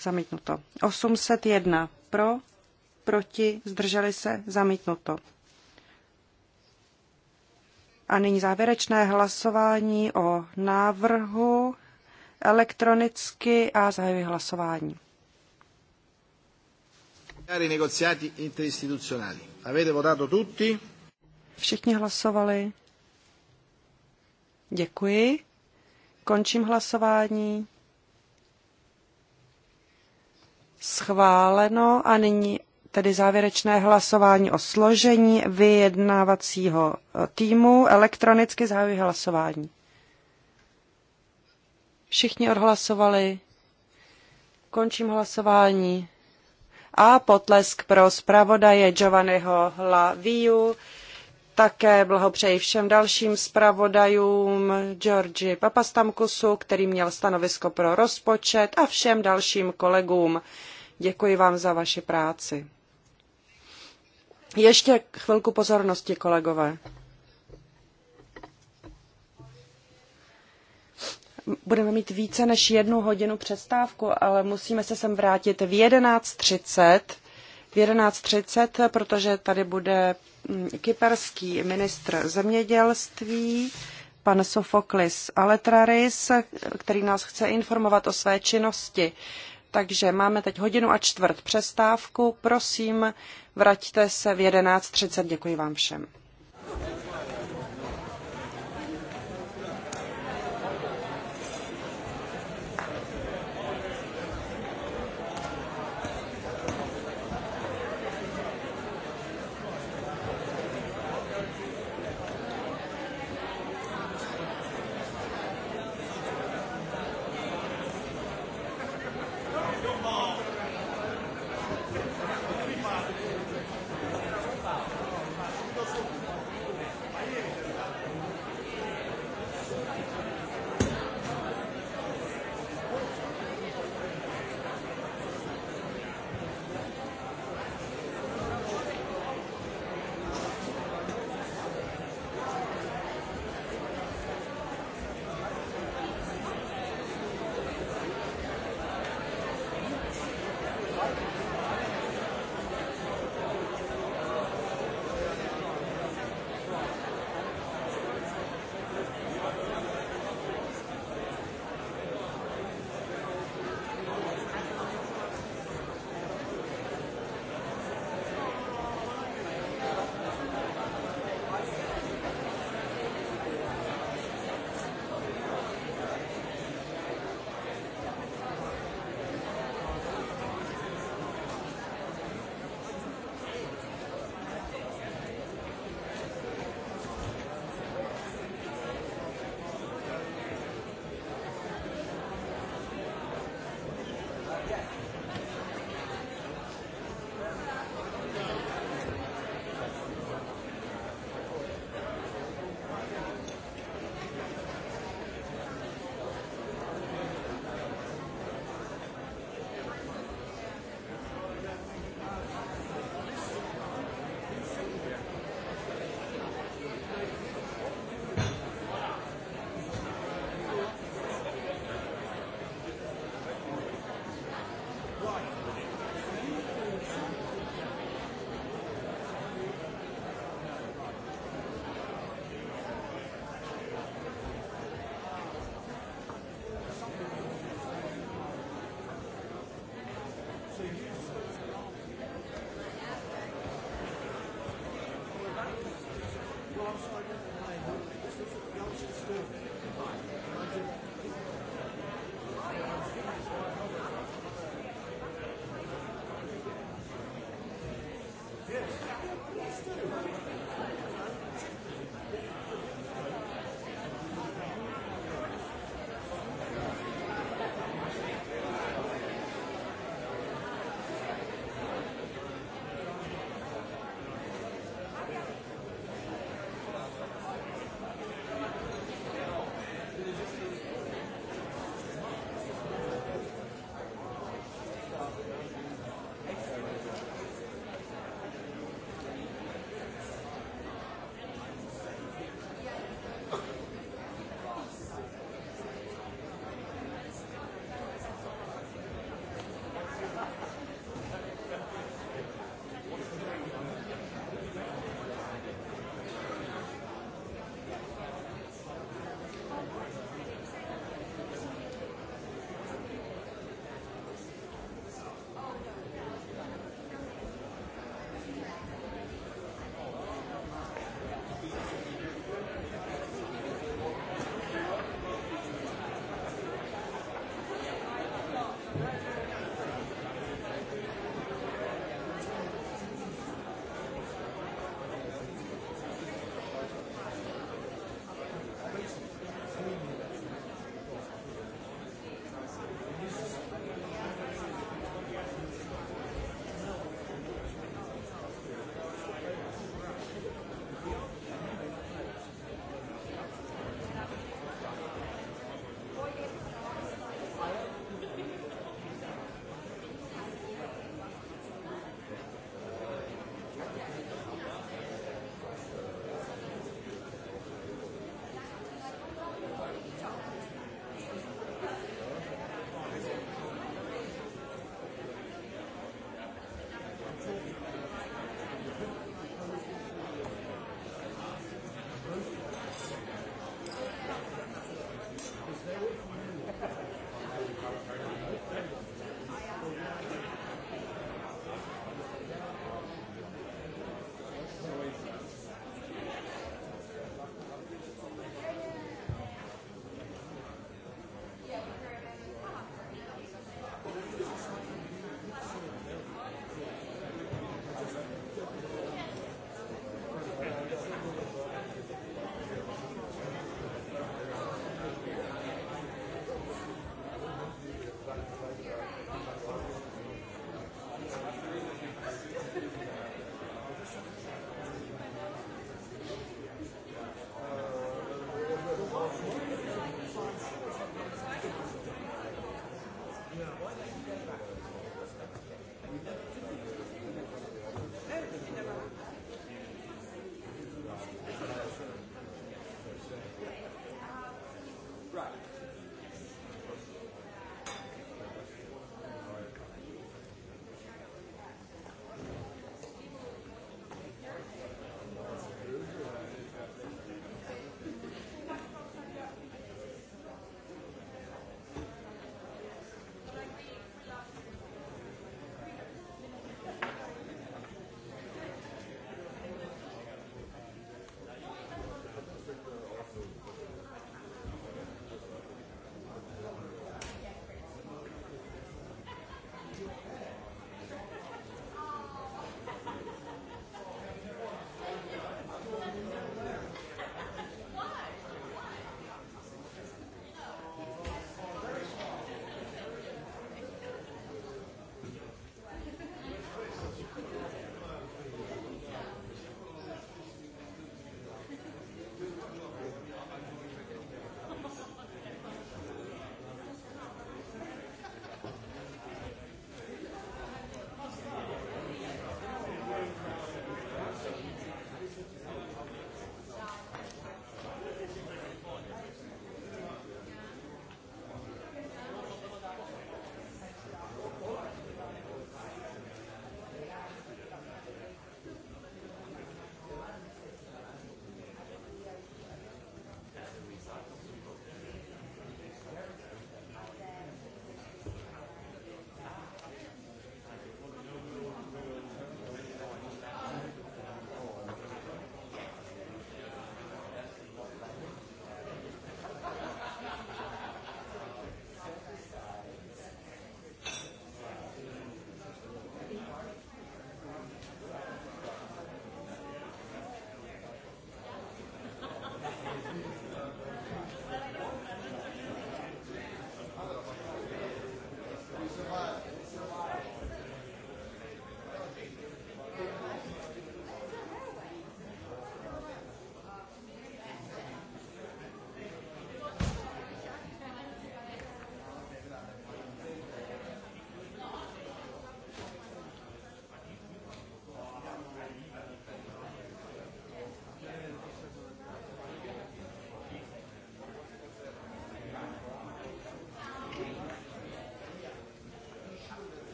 Speaker 3: zamítnuto. 801 pro, proti, zdrželi se, zamítnuto. A nyní závěrečné hlasování o návrhu elektronicky a zahajuji hlasování. Všichni hlasovali. Děkuji. Končím hlasování. Schváleno a nyní tedy závěrečné hlasování o složení vyjednávacího eh, týmu. Elektronicky zahajuji hlasování. Všichni odhlasovali. Končím hlasování. A potlesk pro zpravodaje Giovanniho Laviu. Také blahopřeji všem dalším zpravodajům, Georgi Papastamkusu, který měl stanovisko pro rozpočet a všem dalším kolegům. Děkuji vám za vaši práci. Ještě chvilku pozornosti, kolegové. Budeme mít více než jednu hodinu přestávku, ale musíme se sem vrátit v 11.30, v 11.30, protože tady bude Mm, kyperský ministr zemědělství, pan Sofoklis Aletraris, který nás chce informovat o své činnosti. Takže máme teď hodinu a čtvrt přestávku. Prosím, vraťte se v 11.30. Děkuji vám všem.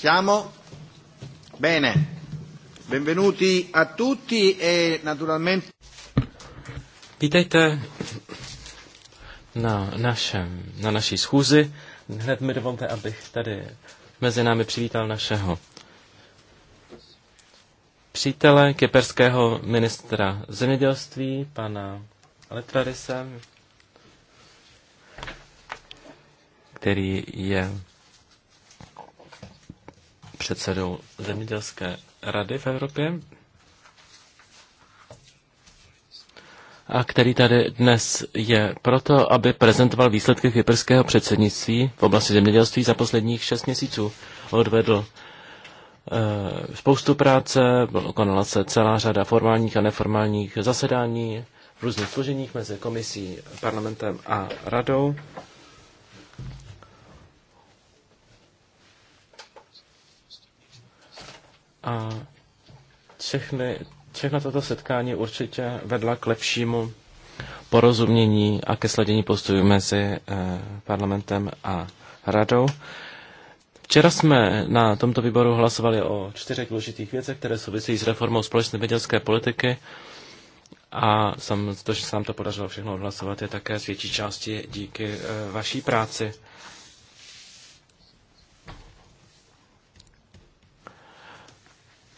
Speaker 1: Siamo? Bene. Benvenuti a tutti e naturalmente...
Speaker 2: Vítejte na, našem, na naší schůzi. Hned mi dovolte, abych tady mezi námi přivítal našeho přítele keperského ministra zemědělství, pana Letrarise, který je předsedou Zemědělské rady v Evropě, a který tady dnes je proto, aby prezentoval výsledky kyperského předsednictví v oblasti zemědělství za posledních šest měsíců. Odvedl e, spoustu práce, konala se celá řada formálních a neformálních zasedání v různých složeních mezi komisí, parlamentem a radou. A všechny, všechno toto setkání určitě vedla k lepšímu porozumění a ke sledění postojů mezi eh, parlamentem a radou. Včera jsme na tomto výboru hlasovali o čtyřech důležitých věcech, které souvisí s reformou společné vědělské politiky. A to, že se nám to podařilo všechno odhlasovat, je také z větší části díky eh, vaší práci.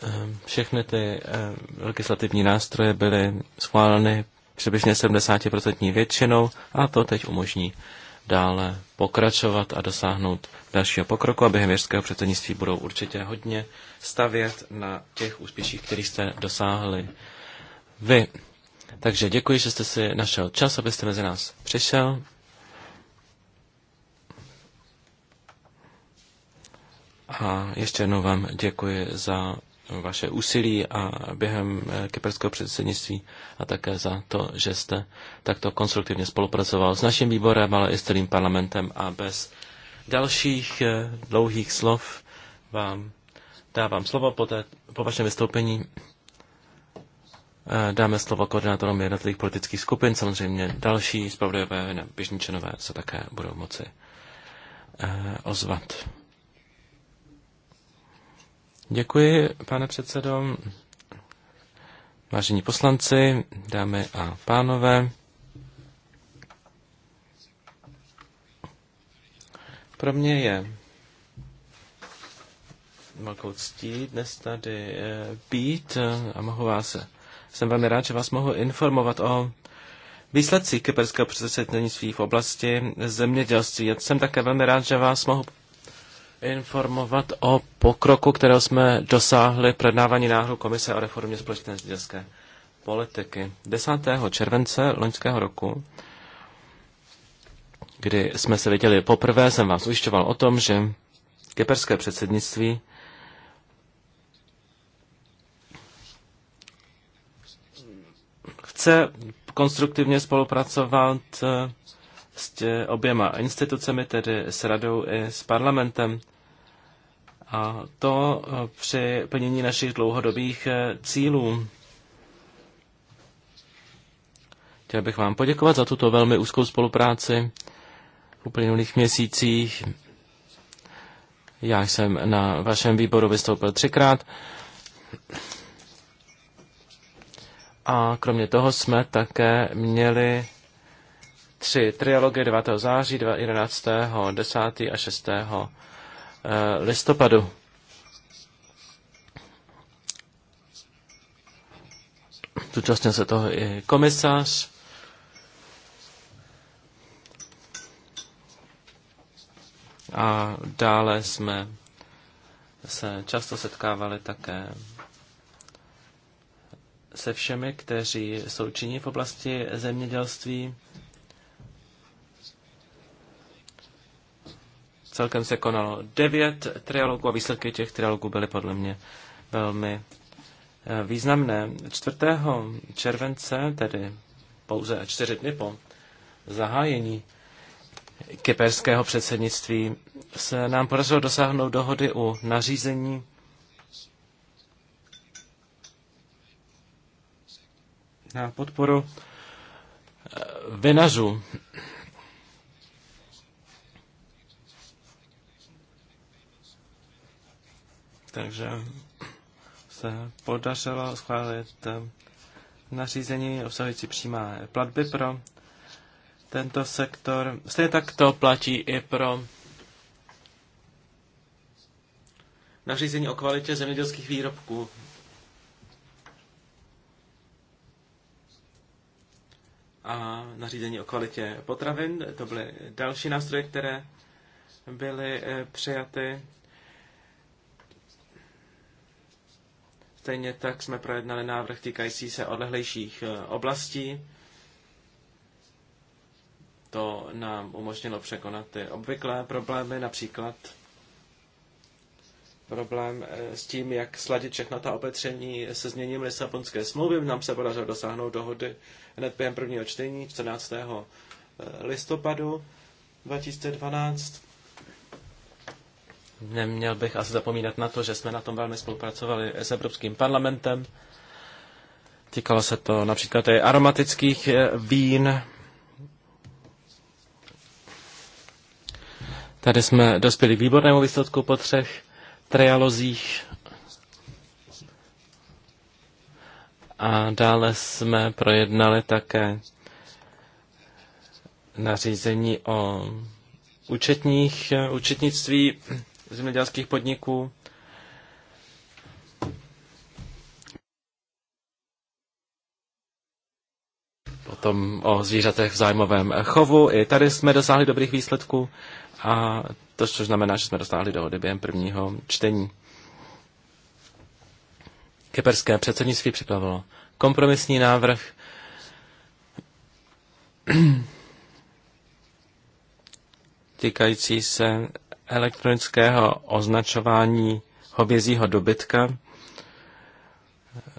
Speaker 2: Eh, všechny ty eh, legislativní nástroje byly schváleny přibližně 70% většinou a to teď umožní dále pokračovat a dosáhnout dalšího pokroku a během věřského předsednictví budou určitě hodně stavět na těch úspěších, kterých jste dosáhli vy. Takže děkuji, že jste si našel čas, abyste mezi nás přišel. A ještě jednou vám děkuji za vaše úsilí a během eh, kyperského předsednictví a také za to, že jste takto konstruktivně spolupracoval s naším výborem, ale i s celým parlamentem a bez dalších eh, dlouhých slov vám dávám slovo po, té, po vašem vystoupení. Eh, dáme slovo koordinátorům jednotlivých politických skupin. Samozřejmě další zpravodajové běžní členové se také budou moci ozvat. Děkuji, pane předsedo. Vážení poslanci, dámy a pánové, pro mě je velkou ctí dnes tady eh, být eh, a mohu vás, jsem velmi rád, že vás mohu informovat o výsledcích kyperského předsednictví v oblasti zemědělství. Jsem také velmi rád, že vás mohu informovat o pokroku, kterého jsme dosáhli přednávání návrhu Komise o reformě společné zemědělské politiky. 10. července loňského roku, kdy jsme se viděli poprvé, jsem vás ujišťoval o tom, že keperské předsednictví chce konstruktivně spolupracovat eh, s oběma institucemi, tedy s radou i s parlamentem. A to eh, při plnění našich dlouhodobých eh, cílů. Chtěl bych vám poděkovat za tuto velmi úzkou spolupráci v uplynulých měsících. Já jsem na vašem výboru vystoupil třikrát. A kromě toho jsme také měli tři trialogy 9. září, 11. 10. a 6. Eh, listopadu. Zúčastnil se toho i komisař. A dále jsme se často setkávali také se všemi, kteří jsou činní v oblasti zemědělství. Celkem se konalo devět trialogů a výsledky těch trialogů byly podle mě velmi eh, významné. 4. července, tedy pouze čtyři dny po zahájení kyperského předsednictví, se nám podařilo dosáhnout dohody u nařízení na podporu eh, vinařů. takže se podařilo schválit eh, nařízení obsahující přímé platby pro tento sektor. Stejně tak to platí i pro nařízení o kvalitě zemědělských výrobků. A nařízení o kvalitě potravin, to byly další nástroje, které byly eh, přijaty Stejně tak jsme projednali návrh týkající se odlehlejších eh, oblastí. To nám umožnilo překonat ty obvyklé problémy, například problém eh, s tím, jak sladit všechna ta opatření se změním Lisabonské smlouvy. Nám se podařilo dosáhnout dohody hned během prvního čtení 14. Eh, listopadu 2012. Neměl bych asi zapomínat na to, že jsme na tom velmi spolupracovali s Evropským parlamentem. Týkalo se to například i aromatických eh, vín. Tady jsme dospěli k výbornému výsledku po třech trialozích. A dále jsme projednali také nařízení o účetních, účetnictví zemědělských podniků. Potom o zvířatech v zájmovém chovu. I tady jsme dosáhli dobrých výsledků a to, což znamená, že jsme dosáhli dohody během prvního čtení. Kyperské předsednictví připravilo kompromisní návrh, <clears throat> týkající se elektronického označování hovězího dobytka.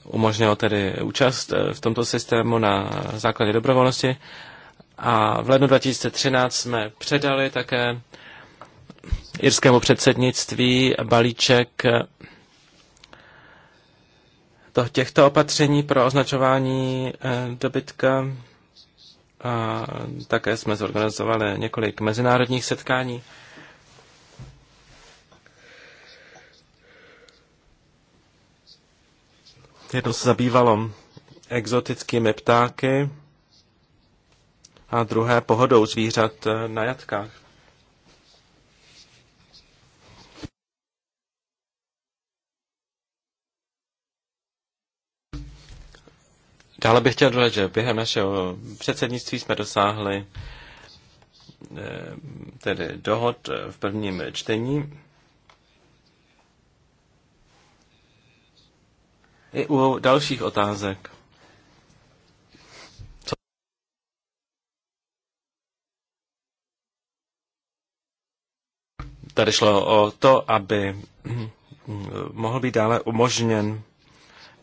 Speaker 2: Umožnilo tedy účast eh, v tomto systému na základě dobrovolnosti. A v lednu 2013 jsme předali také irskému předsednictví balíček do eh, těchto opatření pro označování eh, dobytka. A také jsme zorganizovali několik mezinárodních setkání jedno dost zabývalo exotickými ptáky a druhé pohodou zvířat na jatkách. Dále bych chtěl dodat, že během našeho předsednictví jsme dosáhli eh, tedy dohod v prvním čtení i u dalších otázek. Co? Tady šlo o to, aby hm, mohl být dále umožněn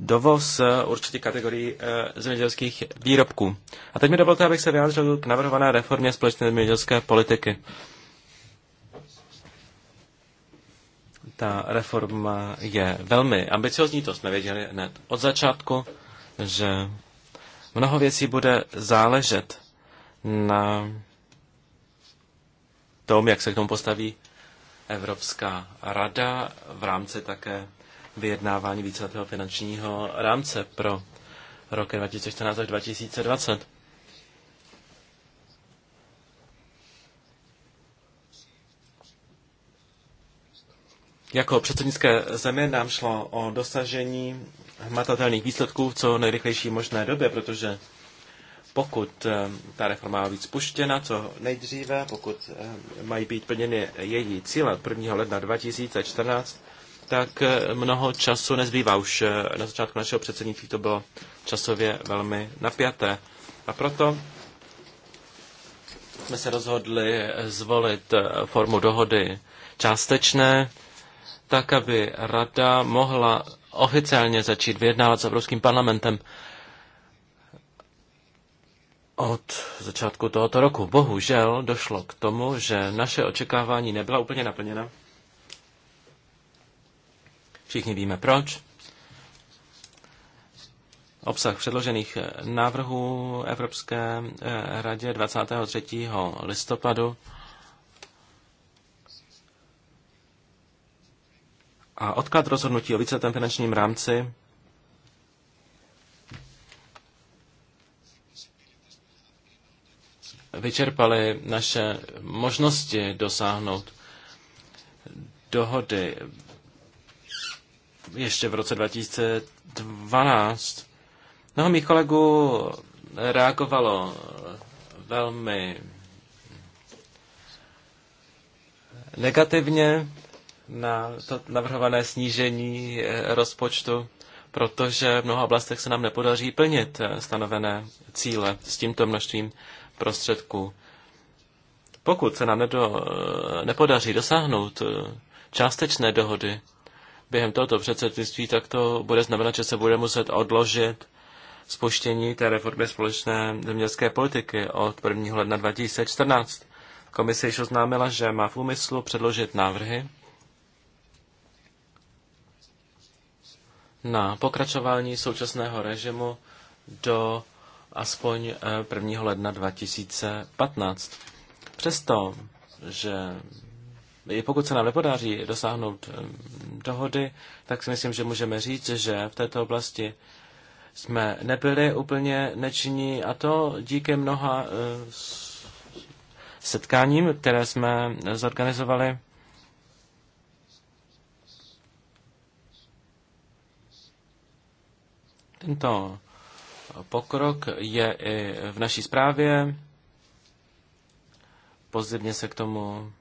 Speaker 2: dovoz eh, určitých kategorií eh, zemědělských výrobků. A teď mi dovolte, abych se vyjádřil k navrhované reformě společné zemědělské politiky. Ta reforma je velmi ambiciozní, to jsme věděli hned od začátku, že mnoho věcí bude záležet na tom, jak se k tomu postaví Evropská rada v rámci také vyjednávání víceletého finančního rámce pro roky 2014 až 2020. Jako předsednické země nám šlo o dosažení hmatatelných výsledků v co nejrychlejší možné době, protože pokud eh, ta reforma má být spuštěna co nejdříve, pokud eh, mají být plněny její cíle od 1. ledna 2014, tak eh, mnoho času nezbývá. Už na začátku našeho předsednictví to bylo časově velmi napjaté. A proto jsme se rozhodli zvolit formu dohody částečné, tak aby rada mohla oficiálně začít vyjednávat s Evropským parlamentem od začátku tohoto roku. Bohužel došlo k tomu, že naše očekávání nebyla úplně naplněna. Všichni víme proč. Obsah předložených návrhů Evropské eh, radě 23. listopadu A odklad rozhodnutí o víceletém finančním rámci vyčerpaly naše možnosti dosáhnout dohody ještě v roce 2012. Mnoho mých kolegů reagovalo velmi negativně na to navrhované snížení eh, rozpočtu, protože v mnoha oblastech se nám nepodaří plnit eh, stanovené cíle s tímto množstvím prostředků. Pokud se nám nedo, eh, nepodaří dosáhnout částečné dohody během tohoto předsednictví, tak to bude znamenat, že se bude muset odložit spuštění té reformy společné zemědělské politiky od 1. ledna 2014. Komise již oznámila, že má v úmyslu předložit návrhy na pokračování současného režimu do aspoň 1. Eh, ledna 2015. Přesto, že i pokud se nám nepodaří dosáhnout eh, dohody, tak si myslím, že můžeme říct, že v této oblasti jsme nebyli úplně nečinní a to díky mnoha eh, setkáním, které jsme zorganizovali Tento pokrok je i v naší zprávě. Pozivně se k tomu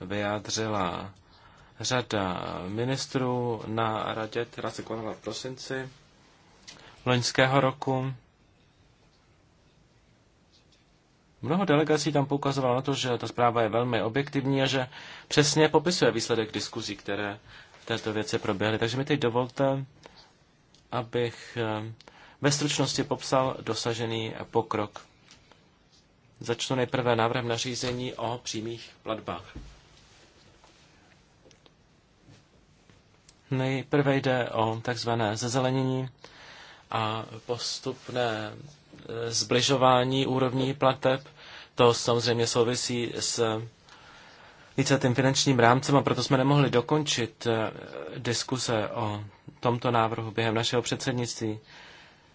Speaker 2: vyjádřila řada ministrů na radě, která se konala v prosinci loňského roku. Mnoho delegací tam poukazovalo na to, že ta zpráva je velmi objektivní a že přesně popisuje výsledek diskuzí, které této věci proběhly. Takže mi teď dovolte, abych eh, ve stručnosti popsal dosažený pokrok. Začnu nejprve návrhem nařízení o přímých platbách. Nejprve jde o takzvané zezelenění a postupné eh, zbližování úrovní plateb. To samozřejmě souvisí s tím finančním rámcem a proto jsme nemohli dokončit eh, diskuse o tomto návrhu během našeho předsednictví.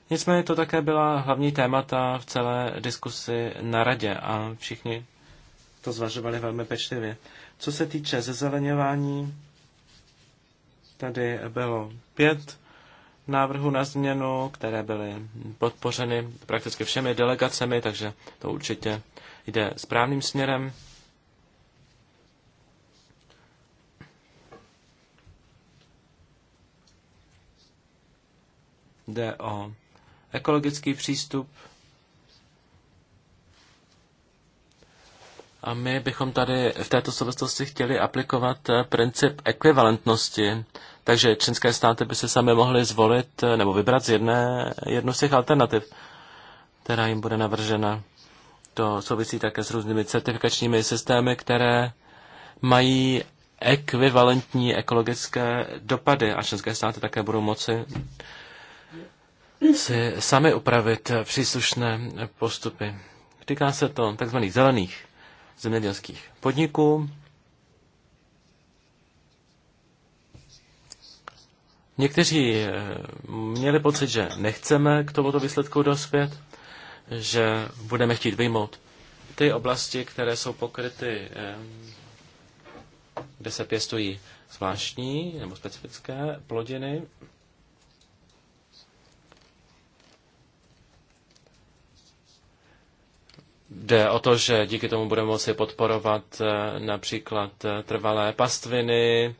Speaker 2: Nicméně to také byla hlavní témata v celé diskusi na radě a všichni to zvažovali velmi pečlivě. Co se týče zezeleněvání, tady bylo pět návrhů na změnu, které byly podpořeny prakticky všemi delegacemi, takže to určitě jde správným směrem. Jde o ekologický přístup. A my bychom tady v této souvislosti chtěli aplikovat eh, princip ekvivalentnosti. Takže členské státy by se sami mohly zvolit eh, nebo vybrat z jedné, jednu z těch alternativ, která jim bude navržena. To souvisí také s různými certifikačními systémy, které mají ekvivalentní ekologické dopady a členské státy také budou moci si sami upravit příslušné postupy. Týká se to tzv. zelených zemědělských podniků. Někteří eh, měli pocit, že nechceme k tomuto výsledku dospět, že budeme chtít vyjmout ty oblasti, které jsou pokryty, eh, kde se pěstují zvláštní nebo specifické plodiny, Jde o to, že díky tomu budeme moci podporovat eh, například eh, trvalé pastviny,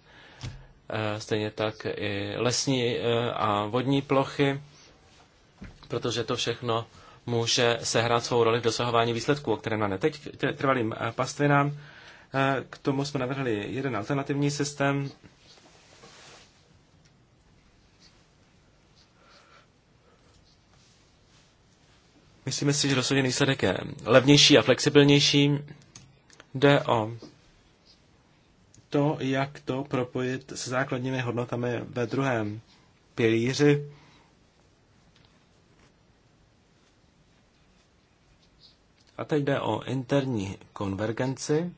Speaker 2: eh, stejně tak i lesní a vodní plochy, protože to všechno může sehrát svou roli v dosahování výsledků, o kterém máme teď k trvalým pastvinám. K tomu jsme navrhli jeden alternativní systém, Myslíme si, že rozhodně výsledek je levnější a flexibilnější. Jde o to, jak to propojit se základními hodnotami ve druhém pilíři. A teď jde o interní konvergenci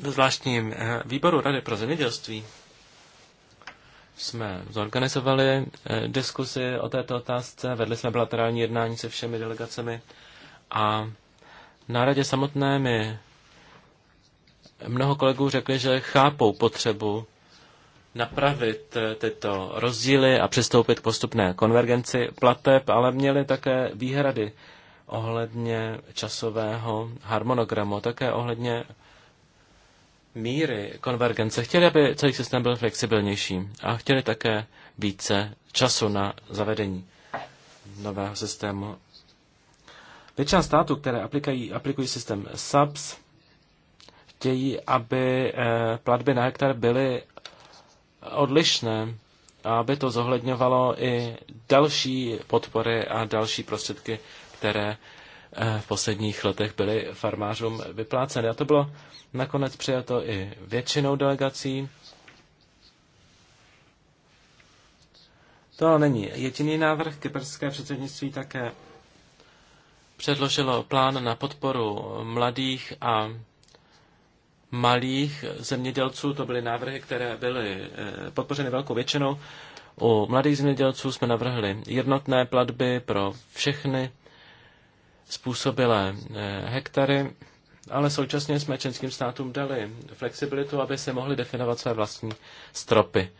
Speaker 2: ve zvláštním eh, výboru Rady pro zemědělství jsme zorganizovali eh, diskuzi o této otázce, vedli jsme bilaterální jednání se všemi delegacemi a na radě samotné mi mnoho kolegů řekli, že chápou potřebu napravit eh, tyto rozdíly a přistoupit k postupné konvergenci plateb, ale měli také výhrady ohledně časového harmonogramu, také ohledně míry konvergence. Chtěli, aby celý systém byl flexibilnější a chtěli také více času na zavedení nového systému. Většina států, které aplikují, aplikují systém SAPS, chtějí, aby eh, platby na hektar byly odlišné a aby to zohledňovalo i další podpory a další prostředky, které Eh, v posledních letech byly farmářům vypláceny. A to bylo nakonec přijato i většinou delegací. To není jediný návrh. Kyperské předsednictví také předložilo plán na podporu mladých a malých zemědělců. To byly návrhy, které byly eh, podpořeny velkou většinou. U mladých zemědělců jsme navrhli jednotné platby pro všechny způsobilé eh, hektary, ale současně jsme členským státům dali flexibilitu, aby se mohli definovat své vlastní stropy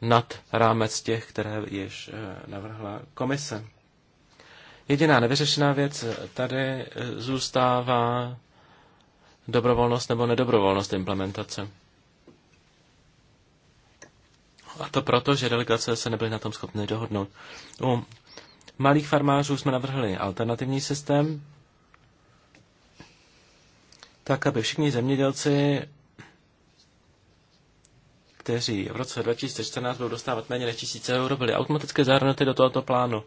Speaker 2: nad rámec těch, které již eh, navrhla komise. Jediná nevyřešená věc tady eh, zůstává dobrovolnost nebo nedobrovolnost implementace. A to proto, že delegace se nebyly na tom schopny dohodnout. U malých farmářů jsme navrhli alternativní systém, tak aby všichni zemědělci, kteří v roce 2014 budou dostávat méně než 1000 euro, byli automaticky zahrnuty do tohoto plánu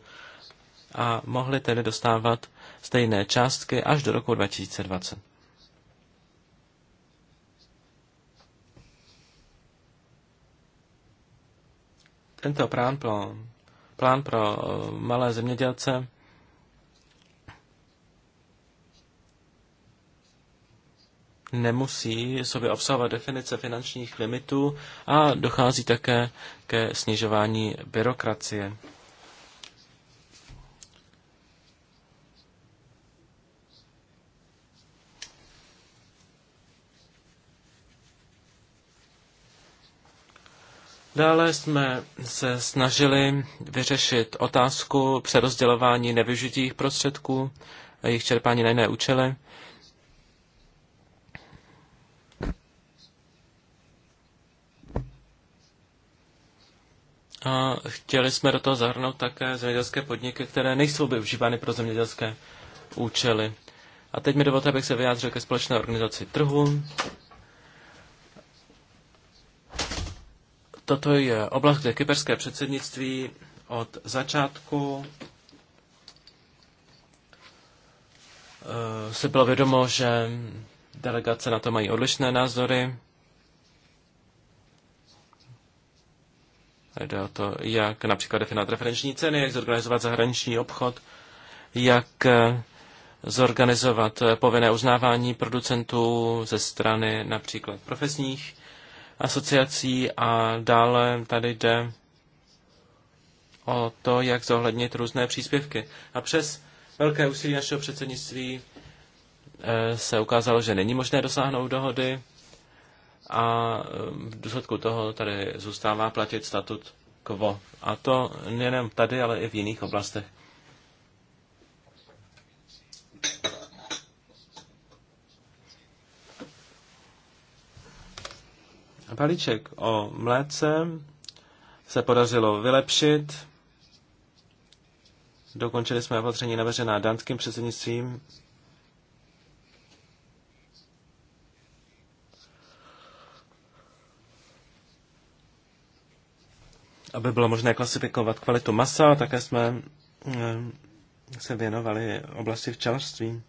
Speaker 2: a mohli tedy dostávat stejné částky až do roku 2020. Tento plán pro plán pro eh, malé zemědělce. nemusí sobě obsahovat definice finančních limitů a dochází také ke snižování byrokracie. Dále jsme se snažili vyřešit otázku přerozdělování nevyužitých prostředků a jejich čerpání na jiné účely. A chtěli jsme do toho zahrnout také zemědělské podniky, které nejsou využívány pro zemědělské účely. A teď mi dovolte, abych se vyjádřil ke společné organizaci trhu. Toto je oblast, kde kyperské předsednictví od začátku eh, se bylo vědomo, že delegace na to mají odlišné názory. Jde o to, jak například definovat referenční ceny, jak zorganizovat zahraniční obchod, jak eh, zorganizovat eh, povinné uznávání producentů ze strany například profesních asociací a dále tady jde o to, jak zohlednit různé příspěvky. A přes velké úsilí našeho předsednictví eh, se ukázalo, že není možné dosáhnout dohody a eh, v důsledku toho tady zůstává platit statut quo. A to nejen tady, ale i v jiných oblastech. Balíček o mléce se podařilo vylepšit. Dokončili jsme opatření navržená dánským předsednictvím. Aby bylo možné klasifikovat kvalitu masa, také jsme eh, se věnovali oblasti včelařství.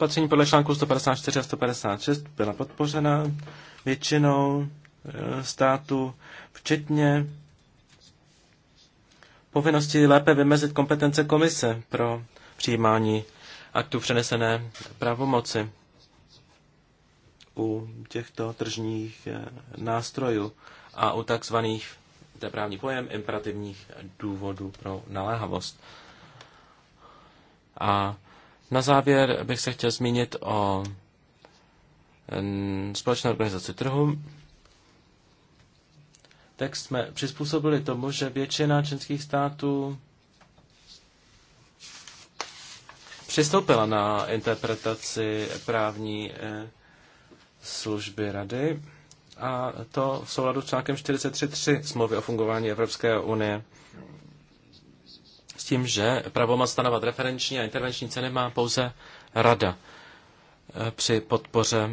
Speaker 2: opatření podle článku 154 a 156 byla podpořena většinou eh, státu, včetně povinnosti lépe vymezit kompetence komise pro přijímání aktů přenesené pravomoci u těchto tržních eh, nástrojů a u takzvaných, to je právní pojem, imperativních důvodů pro naléhavost. A na závěr bych se chtěl zmínit o společné organizaci trhu. Text jsme přizpůsobili tomu, že většina členských států přistoupila na interpretaci právní e, služby rady a to v souladu s článkem 43.3 smlouvy o fungování Evropské unie s tím, že pravomoc stanovat referenční a intervenční ceny má pouze rada e, při podpoře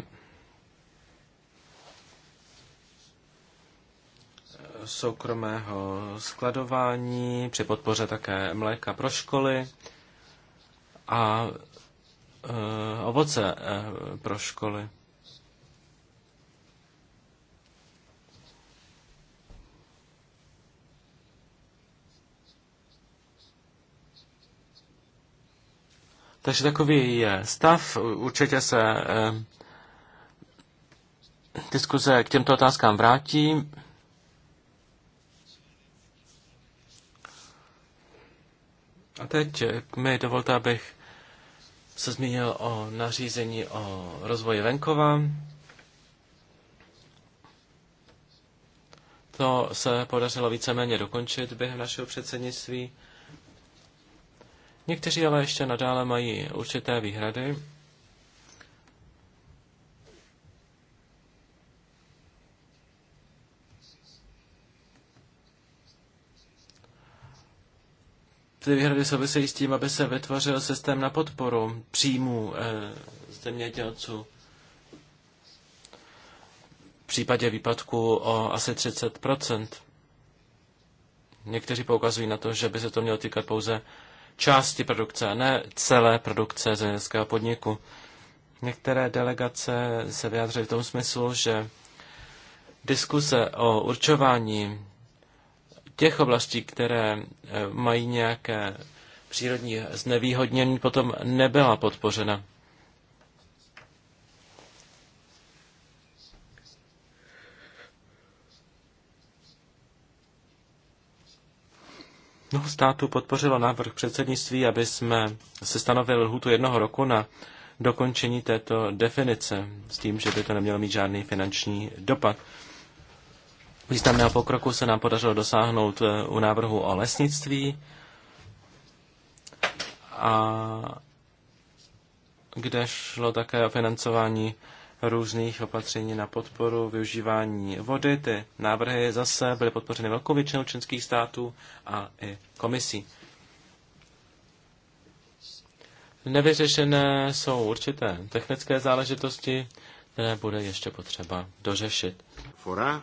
Speaker 2: e, soukromého skladování, při podpoře také mléka pro školy a e, ovoce pro školy. Takže takový je stav. Určitě se eh, diskuze k těmto otázkám vrátí. A teď eh, mi dovolte, abych se zmínil o nařízení o rozvoji venkova. To se podařilo víceméně dokončit během našeho předsednictví. Někteří ale ještě nadále mají určité výhrady. Ty výhrady souvisejí s tím, aby se vytvořil systém na podporu příjmů eh, zemědělců v případě výpadku o asi 30 Někteří poukazují na to, že by se to mělo týkat pouze části produkce, ne celé produkce zemědělského podniku. Některé delegace se vyjádřily v tom smyslu, že diskuse o určování těch oblastí, které eh, mají nějaké přírodní znevýhodnění, potom nebyla podpořena. Mnoho států podpořilo návrh předsednictví, aby jsme se stanovili lhutu jednoho roku na dokončení této definice s tím, že by to nemělo mít žádný finanční dopad. Významného pokroku se nám podařilo dosáhnout eh, u návrhu o lesnictví, a kde šlo také o financování různých opatření na podporu využívání vody. Ty návrhy zase byly podpořeny velkou většinou členských států a i komisí. Nevyřešené jsou určité technické záležitosti, které bude ještě potřeba dořešit. Fora.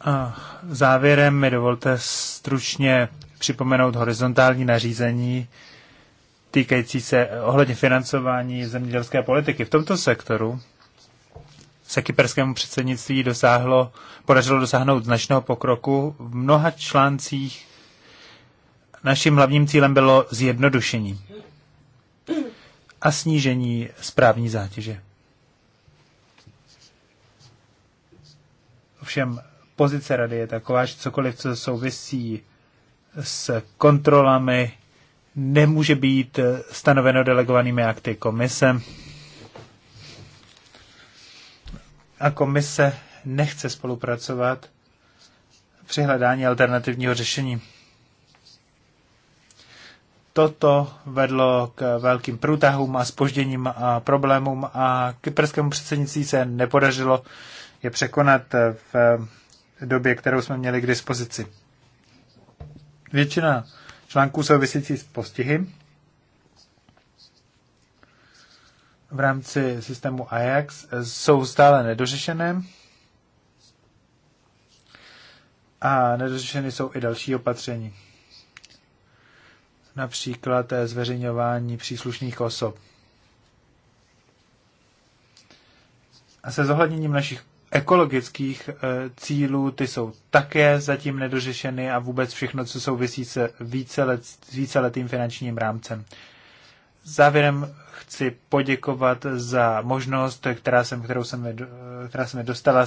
Speaker 1: A závěrem mi dovolte stručně připomenout horizontální nařízení týkající se ohledně financování zemědělské politiky. V tomto sektoru se kyperskému předsednictví dosáhlo, podařilo dosáhnout značného pokroku. V mnoha článcích naším hlavním cílem bylo zjednodušení a snížení správní zátěže. Ovšem, pozice rady je taková, že cokoliv, co souvisí s kontrolami, nemůže být stanoveno delegovanými akty komise. a komise nechce spolupracovat při hledání alternativního řešení. Toto vedlo k velkým průtahům a spožděním a problémům a kyperskému předsednictví se nepodařilo je překonat v době, kterou jsme měli k dispozici. Většina článků souvisící s postihy v rámci systému Ajax jsou stále nedořešené. A nedořešeny jsou i další opatření. Například zveřejňování příslušných osob. A se zohledněním našich ekologických eh, cílů, ty jsou také zatím nedořešeny a vůbec všechno, co souvisí se vícelet, víceletým finančním rámcem. Závěrem chci poděkovat za možnost, která jsem, kterou jsem, která jsem dostala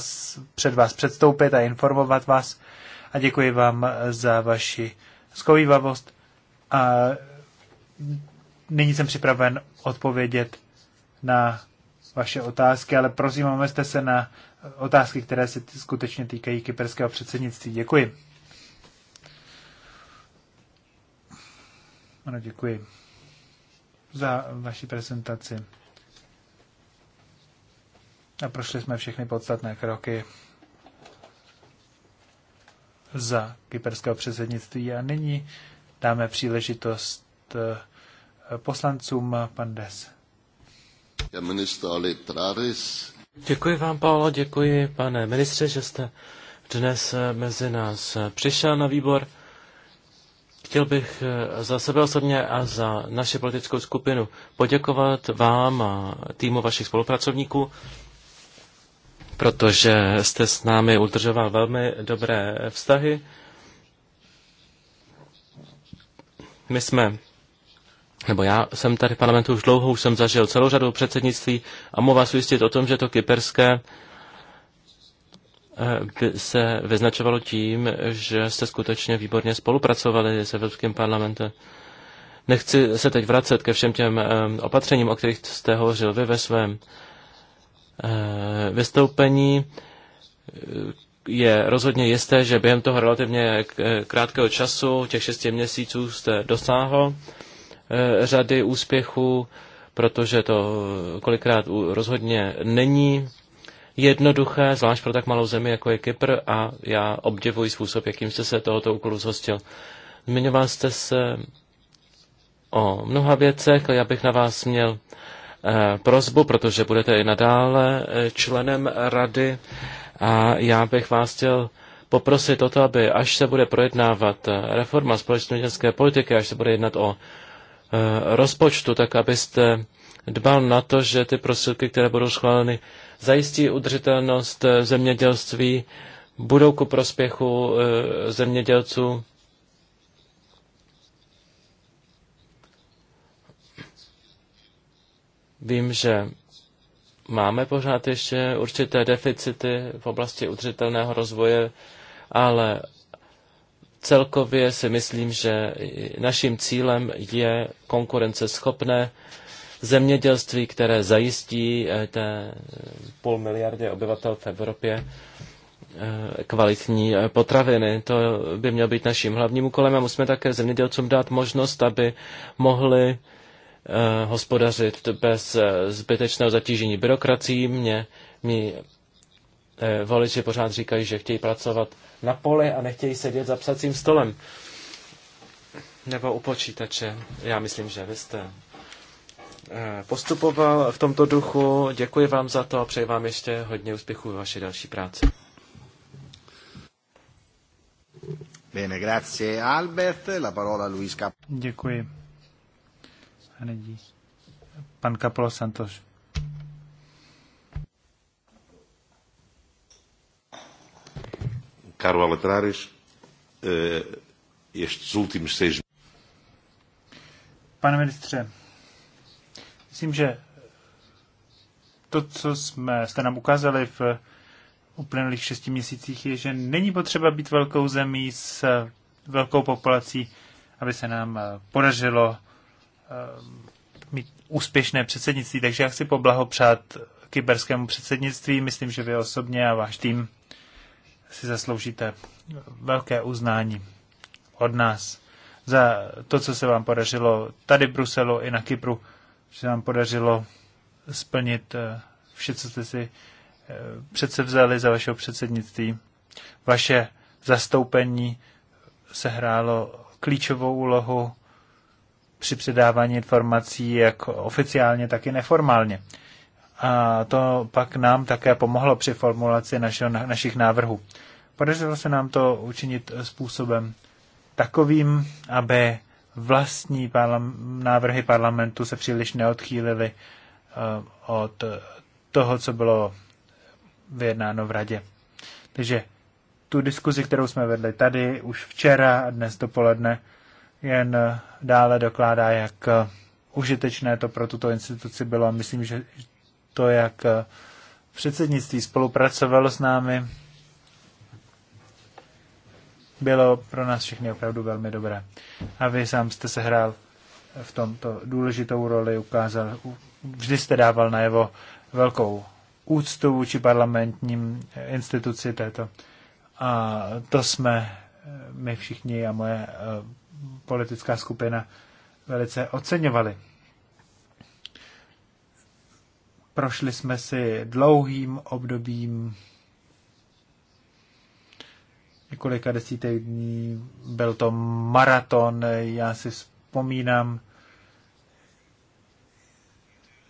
Speaker 1: před vás předstoupit a informovat vás. A děkuji vám za vaši skovývavost. A nyní jsem připraven odpovědět na vaše otázky, ale prosím, omezte se na otázky, které se skutečně týkají kyperského předsednictví. Děkuji. Ano, děkuji za vaši prezentaci. A prošli jsme všechny podstatné kroky za kyperského předsednictví a nyní dáme příležitost eh, poslancům pan
Speaker 3: Des.
Speaker 2: Děkuji vám, Paolo, děkuji, pane ministře, že jste dnes eh, mezi nás eh, přišel na výbor. Chtěl bych eh, za sebe osobně a za naši politickou skupinu poděkovat vám a týmu vašich spolupracovníků, protože jste s námi udržoval velmi dobré vztahy. My jsme, nebo já jsem tady v parlamentu už dlouho, už jsem zažil celou řadu předsednictví a mohu vás ujistit o tom, že to kyperské by se vyznačovalo tím, že jste skutečně výborně spolupracovali s Evropským parlamentem. Nechci se teď vracet ke všem těm opatřením, o kterých jste hovořil vy ve svém eh, vystoupení. Je rozhodně jisté, že během toho relativně eh, krátkého času, těch šesti měsíců, jste dosáhl eh, řady úspěchů, protože to kolikrát rozhodně není jednoduché, zvlášť pro tak malou zemi, jako je Kypr, a já obdivuji způsob, jakým jste se tohoto úkolu zhostil. Zmiňoval jste se o mnoha věcech, já bych na vás měl eh, prozbu, protože budete i nadále eh, členem rady a já bych vás chtěl poprosit o to, aby až se bude projednávat eh, reforma společnodětské politiky, až se bude jednat o rozpočtu, tak abyste dbal na to, že ty prostředky, které budou schváleny, zajistí udržitelnost eh, zemědělství, budou ku prospěchu eh, zemědělců. Vím, že máme pořád ještě určité deficity v oblasti udržitelného rozvoje, ale celkově si myslím, že naším cílem je konkurenceschopné zemědělství, které zajistí eh, té půl miliardě obyvatel v Evropě eh, kvalitní eh, potraviny. To by mělo být naším hlavním úkolem a musíme také zemědělcům dát možnost, aby mohli hospodařit bez zbytečného zatížení byrokracií. Mě, mě voliči pořád říkají, že chtějí pracovat na poli a nechtějí sedět za psacím stolem nebo u počítače. Já myslím, že vy jste Eh, postupoval v tomto duchu. Děkuji vám za to a přeji vám ještě hodně úspěchů ve vaší další práci.
Speaker 1: Bene, grazie
Speaker 2: Albert. La parola Luis Cap.
Speaker 1: Děkuji. Pan Capolo Santos. Caro Aletrares, eh, estes últimos seis... Pane ministře, Myslím, že to, co jsme, jste nám ukázali v uplynulých šesti měsících, je, že není potřeba být velkou zemí s velkou populací, aby se nám eh, podařilo eh, mít úspěšné předsednictví. Takže já chci poblahopřát kyberskému předsednictví. Myslím, že vy osobně a váš tým si zasloužíte velké uznání od nás za to, co se vám podařilo tady v Bruselu i na Kypru se nám podařilo splnit eh, vše, co jste si eh, vzali za vašeho předsednictví. Vaše zastoupení sehrálo klíčovou úlohu při předávání informací jak oficiálně, tak i neformálně. A to pak nám také pomohlo při formulaci našeho, našich návrhů. Podařilo se nám to učinit způsobem takovým, aby vlastní parlam- návrhy parlamentu se příliš neodchýlily eh, od toho, co bylo vyjednáno v radě. Takže tu diskuzi, kterou jsme vedli tady už včera a dnes dopoledne, jen dále dokládá, jak užitečné to pro tuto instituci bylo a myslím, že to, jak předsednictví spolupracovalo s námi, bylo pro nás všechny opravdu velmi dobré. A vy sám jste se hrál v tomto důležitou roli, ukázal, vždy jste dával jeho velkou úctu vůči parlamentním instituci této. A to jsme my všichni a moje eh, politická skupina velice oceňovali. Prošli jsme si dlouhým obdobím několika desítek dní. Byl to maraton, já si vzpomínám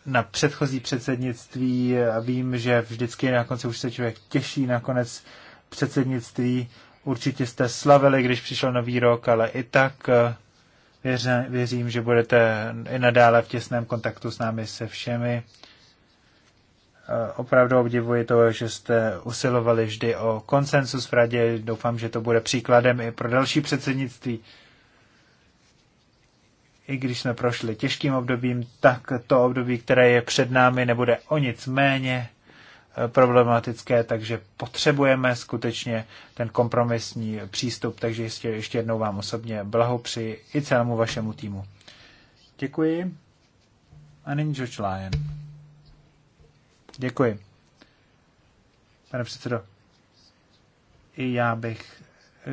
Speaker 1: na předchozí předsednictví a vím, že vždycky na konci už se člověk těší na konec předsednictví. Určitě jste slavili, když přišel nový rok, ale i tak eh, věřím, že budete i nadále v těsném kontaktu s námi se všemi opravdu obdivuji to, že jste usilovali vždy o konsensus v radě. Doufám, že to bude příkladem i pro další předsednictví. I když jsme prošli těžkým obdobím, tak to období, které je před námi, nebude o nic méně eh, problematické, takže potřebujeme skutečně ten kompromisní přístup, takže ještě, ještě jednou vám osobně blahopřeji i celému vašemu týmu. Děkuji. A nyní George Lyon. Děkuji. Pane předsedo, i já bych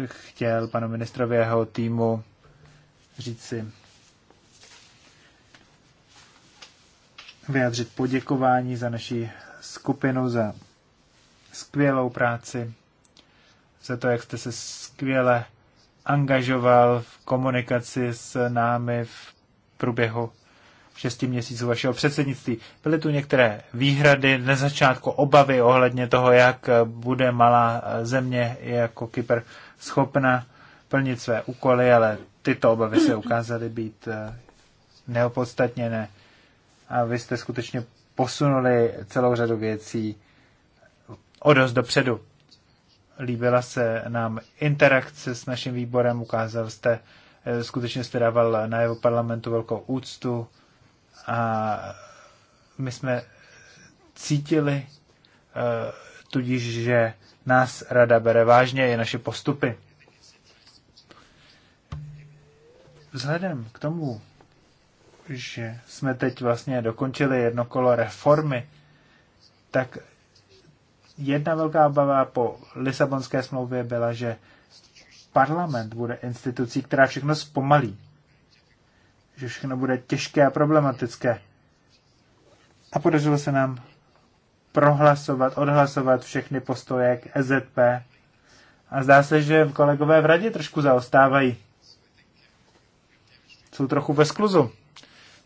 Speaker 1: chtěl panu ministrovi jeho týmu říci vyjádřit poděkování za naší skupinu, za skvělou práci, za to, jak jste se skvěle angažoval v komunikaci s námi v průběhu šesti měsíců vašeho předsednictví. Byly tu některé výhrady, na začátku obavy ohledně toho, jak bude malá země jako Kypr schopna plnit své úkoly, ale tyto obavy se ukázaly být eh, neopodstatněné. A vy jste skutečně posunuli celou řadu věcí o dost dopředu. Líbila se nám interakce s naším výborem, ukázal jste, eh, skutečně jste dával na jeho parlamentu velkou úctu a my jsme cítili e, tudíž, že nás rada bere vážně i naše postupy. Vzhledem k tomu, že jsme teď vlastně dokončili jedno kolo reformy, tak jedna velká obava po Lisabonské smlouvě byla, že parlament bude institucí, která všechno zpomalí že všechno bude těžké a problematické. A podařilo se nám prohlasovat, odhlasovat všechny postoje k EZP. A zdá se, že kolegové v radě trošku zaostávají. Jsou trochu ve skluzu.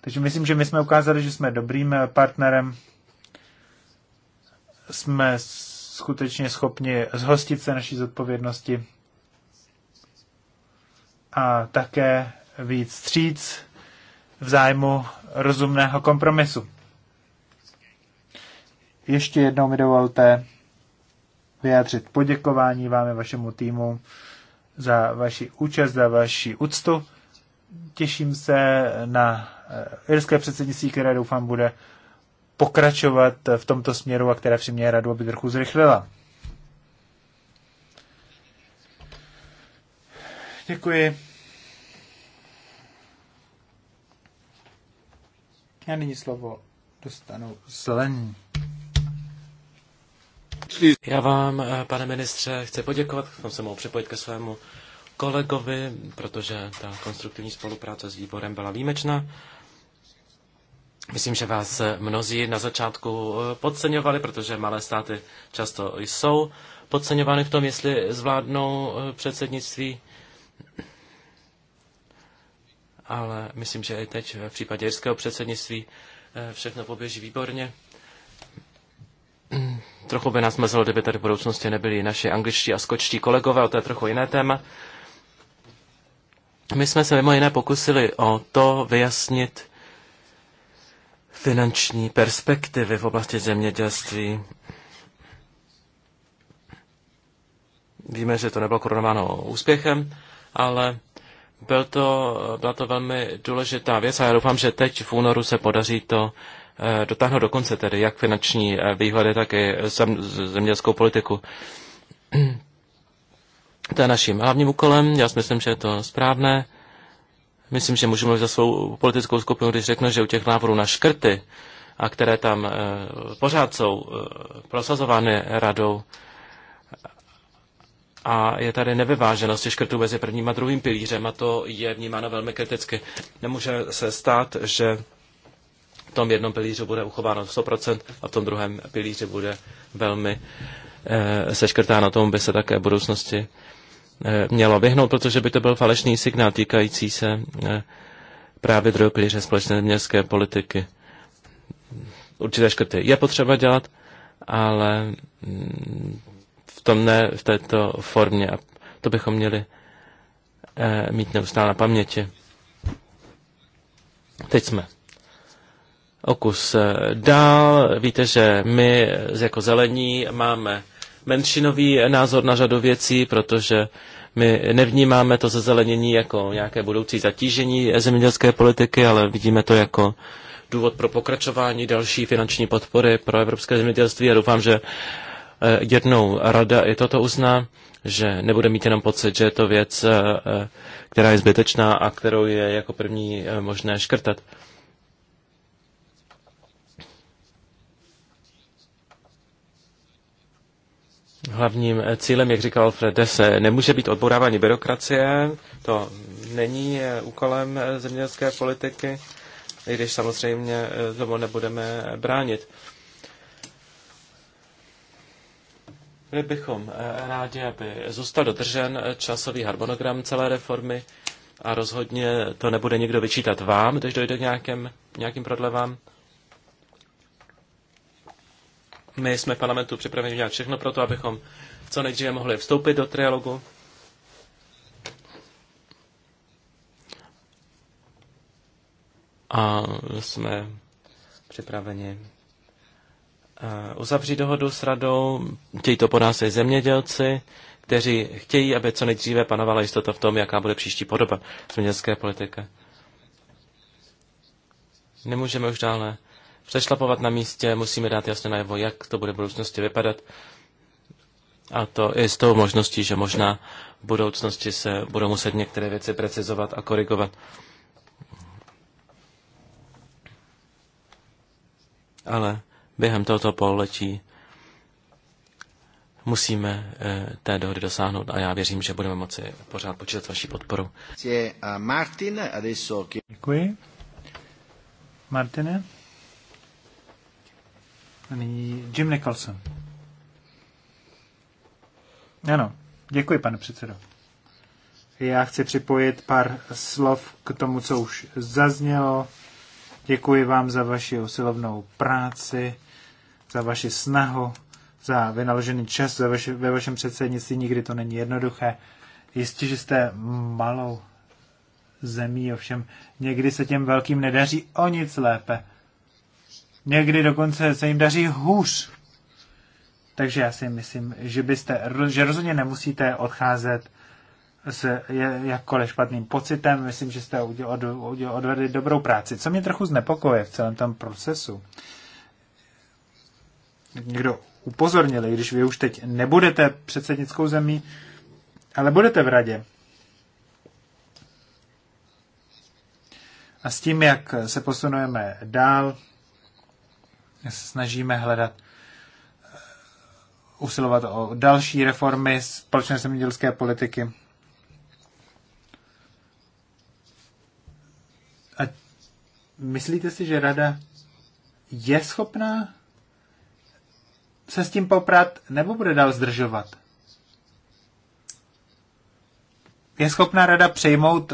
Speaker 1: Takže myslím, že my jsme ukázali, že jsme dobrým eh, partnerem. Jsme skutečně schopni zhostit se naší zodpovědnosti a také víc stříc v zájmu rozumného kompromisu. Ještě jednou mi dovolte vyjádřit poděkování vám a vašemu týmu za vaši účast, za vaši úctu. Těším se na eh, irské předsednictví, které doufám bude pokračovat v tomto směru a které přiměje radu, aby trochu zrychlila. Děkuji. Já nyní slovo dostanu zelení.
Speaker 2: Já vám, eh, pane ministře, chci poděkovat. Jsem se mohl připojit ke svému kolegovi, protože ta konstruktivní spolupráce s výborem byla výjimečná. Myslím, že vás eh, mnozí na začátku eh, podceňovali, protože malé státy často jsou podceňovány v tom, jestli zvládnou předsednictví ale myslím, že i teď v případě jirského předsednictví eh, všechno poběží výborně. Trochu by nás mezelo, kdyby tady v budoucnosti nebyli naši angličtí a skočtí kolegové, ale to je trochu jiné téma. My jsme se mimo jiné pokusili o to vyjasnit finanční perspektivy v oblasti zemědělství. Víme, že to nebylo koronováno úspěchem, ale byl to, byla to velmi důležitá věc a já doufám, že teď v únoru se podaří to eh, dotáhnout do konce, tedy jak finanční eh, výhledy, tak i zem, zemědělskou politiku. To je naším hlavním úkolem, já si myslím, že je to správné. Myslím, že můžu mluvit za svou politickou skupinu, když řeknu, že u těch návrhů na škrty, a které tam eh, pořád jsou prosazovány radou, a je tady nevyváženost těch škrtů mezi prvním a druhým pilířem a to je vnímáno velmi kriticky. Nemůže se stát, že v tom jednom pilíři bude uchováno 100% a v tom druhém pilíři bude velmi e, seškrtáno. Tomu by se také v budoucnosti e, mělo vyhnout, protože by to byl falešný signál týkající se e, právě druhého pilíře společné městské politiky. Určité škrty je potřeba dělat, ale mm, tom ne v této formě. A to bychom měli eh, mít neustále na paměti. Teď jsme okus eh, dál. Víte, že my jako zelení máme menšinový názor na řadu věcí, protože my nevnímáme to zazelenění jako nějaké budoucí zatížení zemědělské politiky, ale vidíme to jako důvod pro pokračování další finanční podpory pro evropské zemědělství a doufám, že Eh, jednou rada i toto uzná, že nebude mít jenom pocit, že je to věc, eh, eh, která je zbytečná a kterou je jako první možné škrtat. Hlavním cílem, jak říkal Fred Dese, nemůže být odbourávání byrokracie, to není úkolem zemědělské politiky, i když samozřejmě tomu nebudeme bránit. Byli bychom eh, rádi, aby zůstal dodržen eh, časový harmonogram celé reformy a rozhodně to nebude nikdo vyčítat vám, když dojde k nějakém, nějakým prodlevám. My jsme v parlamentu připraveni dělat všechno pro to, abychom co nejdříve mohli vstoupit do trialogu. A jsme připraveni Eh, uzavřít dohodu s radou. Chtějí to po nás i zemědělci, kteří chtějí, aby co nejdříve panovala jistota v tom, jaká bude příští podoba zemědělské politiky. Nemůžeme už dále přešlapovat na místě, musíme dát jasně najevo, jak to bude v budoucnosti vypadat. A to i s tou možností, že možná v budoucnosti se budou muset některé věci precizovat a korigovat. Ale během tohoto pololetí musíme eh, té dohody dosáhnout a já věřím, že budeme moci pořád počítat vaši vaší podporu. Eh, děkuji.
Speaker 1: Martine. A nyní Jim Nicholson. Ano, děkuji, pane předsedo. Já chci připojit pár slov k tomu, co už zaznělo. Děkuji vám za vaši usilovnou práci za vaši snahu, za vynaložený čas ve, vaši, ve vašem předsednictví. Nikdy to není jednoduché. Jistě, že jste malou zemí, ovšem někdy se těm velkým nedaří o nic lépe. Někdy dokonce se jim daří hůř. Takže já si myslím, že, byste, že rozhodně nemusíte odcházet s jakkoliv špatným pocitem. Myslím, že jste odvedli dobrou práci. Co mě trochu znepokoje v celém tom procesu, někdo upozornil, když vy už teď nebudete předsednickou zemí, ale budete v radě. A s tím, jak se posunujeme dál, se snažíme hledat, eh, usilovat o další reformy společné zemědělské politiky. A myslíte si, že rada je schopná se s tím poprat nebo bude dál zdržovat? Je schopná rada přejmout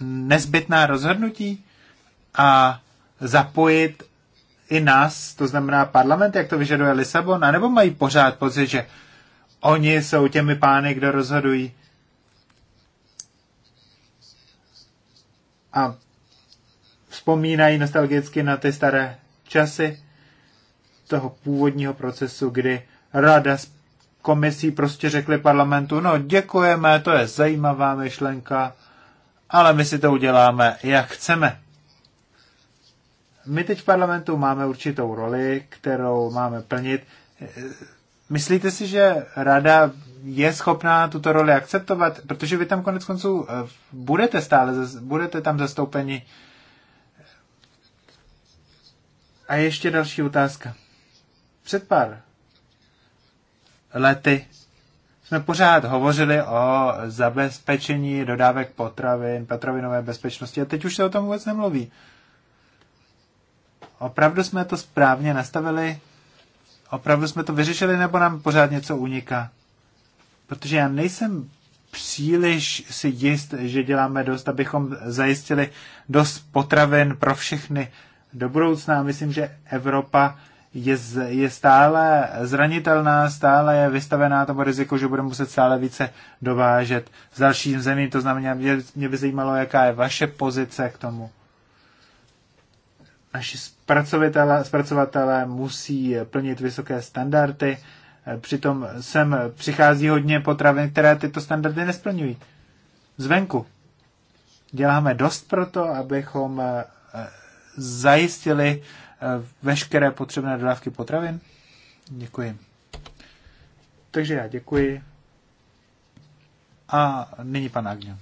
Speaker 1: nezbytná rozhodnutí a zapojit i nás, to znamená parlament, jak to vyžaduje Lisabon, anebo mají pořád pocit, že oni jsou těmi pány, kdo rozhodují. A vzpomínají nostalgicky na ty staré časy toho původního procesu, kdy rada s komisí prostě řekli parlamentu, no děkujeme, to je zajímavá myšlenka, ale my si to uděláme, jak chceme. My teď v parlamentu máme určitou roli, kterou máme plnit. Myslíte si, že rada je schopná tuto roli akceptovat? Protože vy tam konec konců eh, budete stále, budete tam zastoupeni. A ještě další otázka. Před pár lety jsme pořád hovořili o zabezpečení dodávek potravin, potravinové bezpečnosti a teď už se o tom vůbec nemluví. Opravdu jsme to správně nastavili? Opravdu jsme to vyřešili nebo nám pořád něco uniká? Protože já nejsem příliš si jist, že děláme dost, abychom zajistili dost potravin pro všechny do budoucna. Myslím, že Evropa je, je stále zranitelná, stále je vystavená tomu riziku, že bude muset stále více dovážet z dalším zemím. To znamená, mě, mě by zajímalo, jaká je vaše pozice k tomu. Naši zpracovatelé, musí plnit vysoké standardy, eh, přitom sem přichází hodně potravin, které tyto standardy nesplňují. Zvenku. Děláme dost pro to, abychom eh, eh, zajistili veškeré potřebné dodávky potravin? Děkuji. Takže já děkuji. A nyní pan Agňo.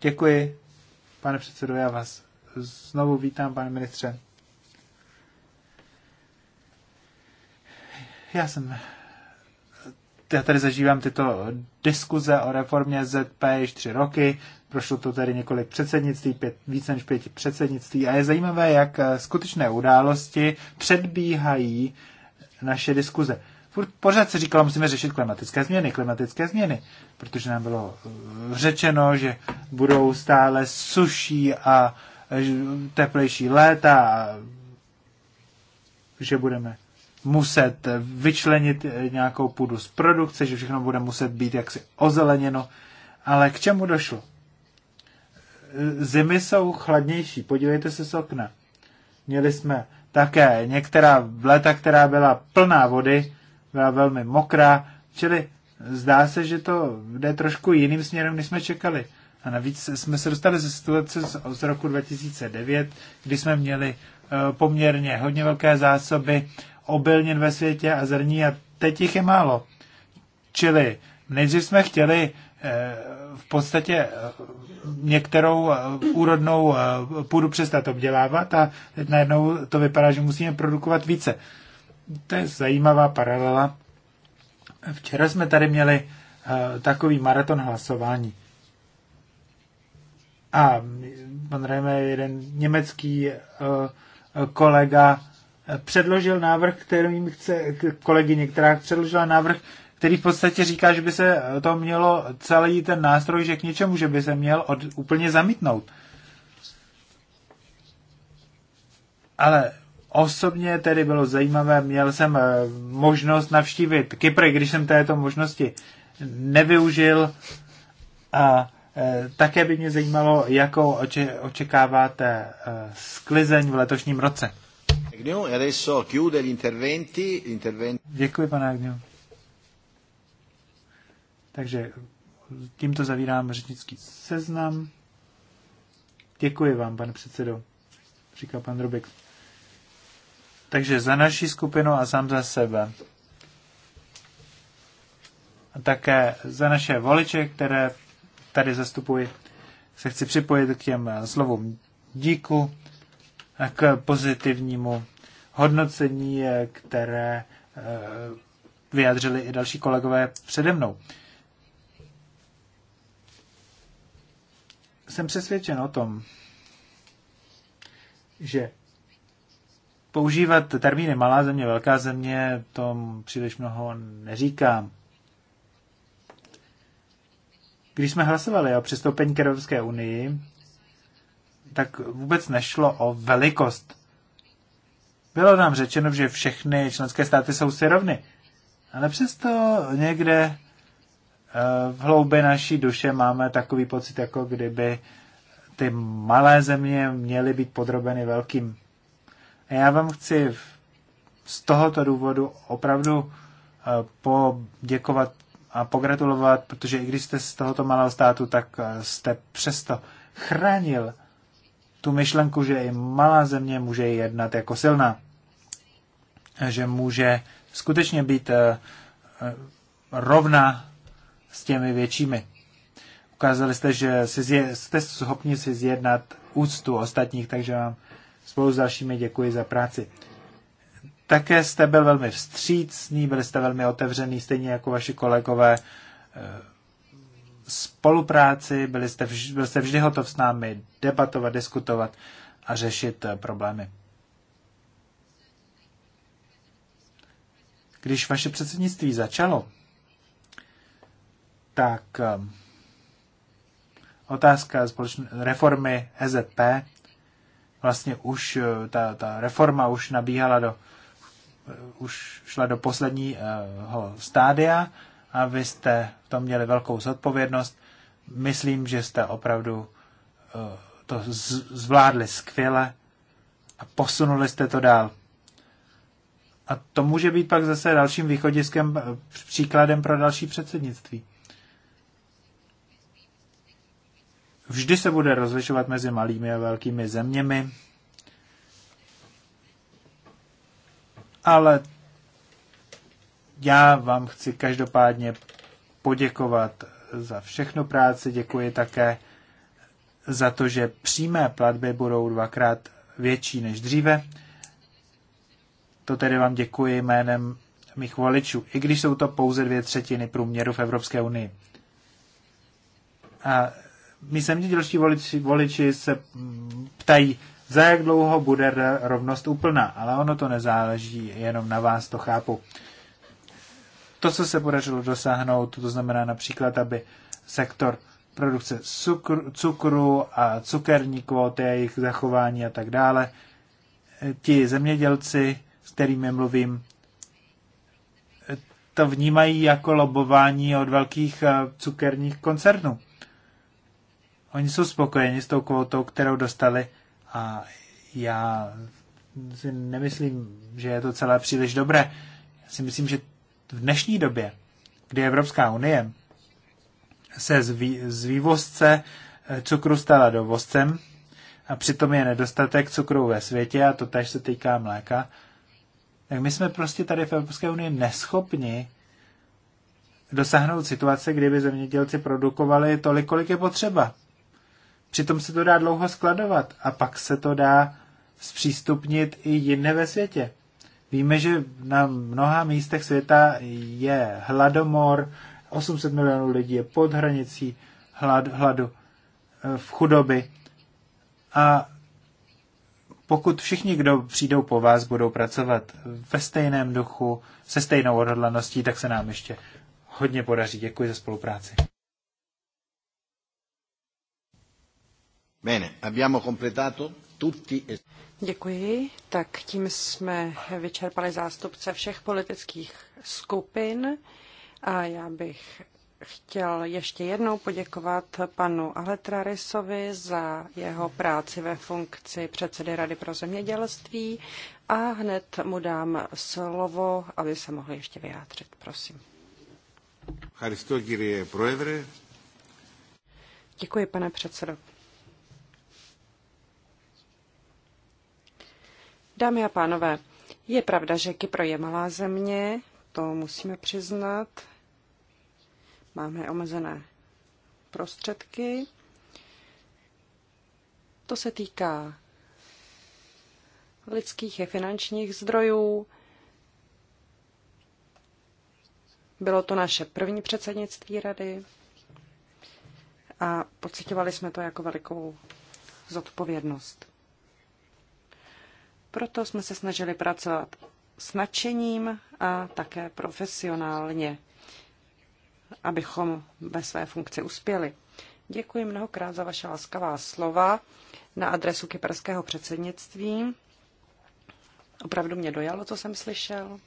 Speaker 1: Děkuji, pane předsedo, já vás znovu vítám, pane ministře. Já jsem já tady zažívám tyto diskuze o reformě ZP již tři roky. Prošlo to tady několik předsednictví, pět, víc než pěti předsednictví a je zajímavé, jak eh, skutečné události předbíhají naše diskuze. Pořád se říkalo, musíme řešit klimatické změny, klimatické změny, protože nám bylo eh, řečeno, že budou stále suší a eh, teplejší léta a že budeme muset vyčlenit nějakou půdu z produkce, že všechno bude muset být jaksi ozeleněno. Ale k čemu došlo? zimy jsou chladnější, podívejte se z okna. Měli jsme také některá léta, která byla plná vody, byla velmi mokrá, čili zdá se, že to jde trošku jiným směrem, než jsme čekali. A navíc jsme se dostali ze situace z roku 2009, kdy jsme měli eh, poměrně hodně velké zásoby obilnin ve světě a zrní a teď jich je málo. Čili nejdřív jsme chtěli eh, v podstatě eh, některou eh, úrodnou eh, půdu přestat obdělávat a teď najednou to vypadá, že musíme produkovat více. To je zajímavá paralela. Včera jsme tady měli eh, takový maraton hlasování. A pan Reme, jeden německý kolega, předložil návrh, kterým chce, kolegyně, která předložila návrh, který v podstatě říká, že by se to mělo celý ten nástroj, že k něčemu, že by se měl od, úplně zamítnout. Ale osobně tedy bylo zajímavé, měl jsem eh, možnost navštívit Kypr, když jsem této možnosti nevyužil a eh, také by mě zajímalo, jakou očekáváte eh, sklizeň v letošním roce. E Děkuji, pane Agnew. Takže tímto zavírám řečnický seznam. Děkuji vám, pane předsedo, říká pan Rubik. Takže za naši skupinu a sám za sebe. A také za naše voliče, které tady zastupuji, se chci připojit k těm slovům díku a k pozitivnímu hodnocení, které eh, vyjádřili i další kolegové přede mnou. jsem přesvědčen o tom, že používat termíny malá země, velká země, tom příliš mnoho neříkám. Když jsme hlasovali o přistoupení k Evropské unii, tak vůbec nešlo o velikost. Bylo nám řečeno, že všechny členské státy jsou si rovny. Ale přesto někde Eh, v hloubi naší duše máme takový pocit, jako kdyby ty malé země měly být podrobeny velkým. A já vám chci z tohoto důvodu opravdu eh, poděkovat a pogratulovat, protože i když jste z tohoto malého státu, tak eh, jste přesto chránil tu myšlenku, že i malá země může jednat jako silná. Že může skutečně být rovna s těmi většími. Ukázali jste, že si zje, jste schopni si zjednat úctu ostatních, takže vám spolu s dalšími děkuji za práci. Také jste byl velmi vstřícný, byli jste velmi otevřený, stejně jako vaši kolegové eh, spolupráci, byli jste, vždy, byl jste vždy hotov s námi debatovat, diskutovat a řešit eh, problémy. Když vaše předsednictví začalo, tak ehm, otázka společné reformy EZP, vlastně už eh, ta, ta reforma už nabíhala do, eh, už šla do posledního stádia a vy jste v tom měli velkou zodpovědnost. Myslím, že jste opravdu eh, to zvládli skvěle a posunuli jste to dál. A to může být pak zase dalším východiskem, příkladem pro další předsednictví. Vždy se bude rozlišovat mezi malými a velkými zeměmi, ale já vám chci každopádně poděkovat za všechnu práci, děkuji také za to, že přímé platby budou dvakrát větší než dříve. To tedy vám děkuji jménem mých voličů, i když jsou to pouze dvě třetiny průměru v Evropské unii. A Mí zemědělští voliči, voliči se ptají, za jak dlouho bude rovnost úplná, ale ono to nezáleží, jenom na vás to chápu. To, co se podařilo dosáhnout, to znamená například, aby sektor produkce cukru, cukru a cukerní kvóty a jejich zachování a tak dále. Ti zemědělci, s kterými mluvím, to vnímají jako lobování od velkých eh, cukerních koncernů. Oni jsou spokojeni s tou kvotou, kterou dostali a já si nemyslím, že je to celé příliš dobré. Já si myslím, že v dnešní době, kdy Evropská unie se z vývozce eh, cukru stala dovozcem a přitom je nedostatek cukru ve světě a to tež se týká mléka, tak my jsme prostě tady v Evropské unii neschopni dosáhnout situace, kdyby zemědělci produkovali tolik, kolik je potřeba. Přitom se to dá dlouho skladovat a pak se to dá zpřístupnit i jinde ve světě. Víme, že na mnoha místech světa je hladomor, 800 milionů lidí je pod hranicí hlad, hladu, eh, v chudoby. A pokud všichni, kdo přijdou po vás, budou pracovat ve stejném duchu, se stejnou odhodlaností, tak se nám ještě hodně podaří. Děkuji za spolupráci.
Speaker 3: Bene, abbiamo completato tutti. E- Děkuji. Tak tím jsme vyčerpali zástupce všech politických skupin a já bych chtěl ještě jednou poděkovat panu Aletrarisovi za jeho práci ve funkci předsedy Rady pro zemědělství a hned mu dám slovo, aby se mohl ještě vyjádřit. Prosím. Děkuji, pane předsedo. Dámy a pánové, je pravda, že Kypro je malá země, to musíme přiznat. Máme omezené prostředky. To se týká lidských i finančních zdrojů. Bylo to naše první předsednictví rady a pocitovali jsme to jako velikou zodpovědnost. Proto jsme se snažili pracovat s nadšením a také profesionálně, abychom ve své funkci uspěli. Děkuji mnohokrát za vaše laskavá slova na adresu kyperského předsednictví. Opravdu mě dojalo, co jsem slyšel.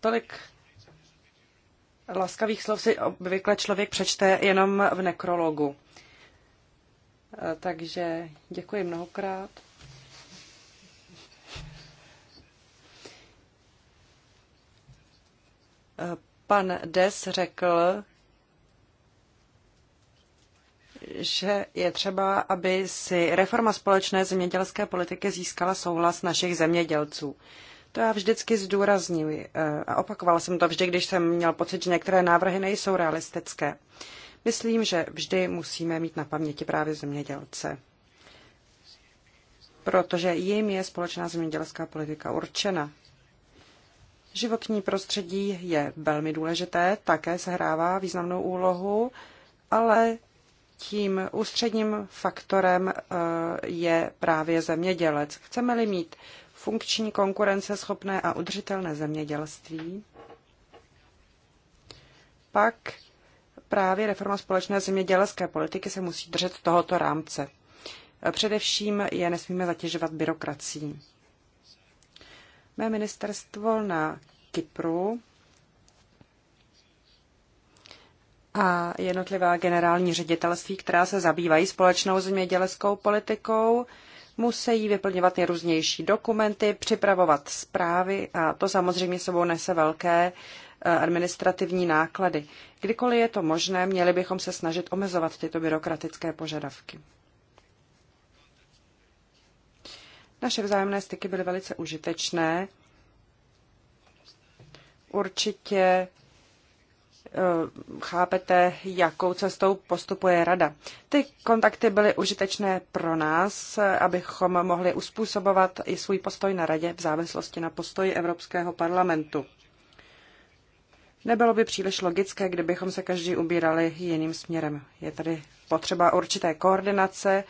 Speaker 3: Tolik laskavých slov si obvykle člověk přečte jenom v nekrologu. Eh, takže děkuji mnohokrát. Eh, pan Des řekl, že je třeba, aby si reforma společné zemědělské politiky získala souhlas našich zemědělců. To já vždycky zdůraznuju eh, a opakovala jsem to vždy, když jsem měl pocit, že některé návrhy nejsou realistické. Myslím, že vždy musíme mít na paměti právě zemědělce, protože jim je společná zemědělská politika určena. Životní prostředí je velmi důležité, také sehrává významnou úlohu, ale tím ústředním faktorem eh, je právě zemědělec. Chceme-li mít funkční, konkurenceschopné a udržitelné zemědělství, pak Právě reforma společné zemědělské politiky se musí držet tohoto rámce. Především je nesmíme zatěžovat byrokracií. Mé ministerstvo na Kypru a jednotlivá generální ředitelství, která se zabývají společnou zemědělskou politikou, musí vyplňovat nejrůznější dokumenty, připravovat zprávy a to samozřejmě sebou nese velké Eh, administrativní náklady. Kdykoliv je to možné, měli bychom se snažit omezovat tyto byrokratické požadavky. Naše vzájemné styky byly velice užitečné. Určitě eh, chápete, jakou cestou postupuje rada. Ty kontakty byly užitečné pro nás, eh, abychom mohli uspůsobovat i svůj postoj na radě v závislosti na postoji Evropského parlamentu. Nebylo by příliš logické, kdybychom se každý ubírali jiným směrem. Je tady potřeba určité koordinace.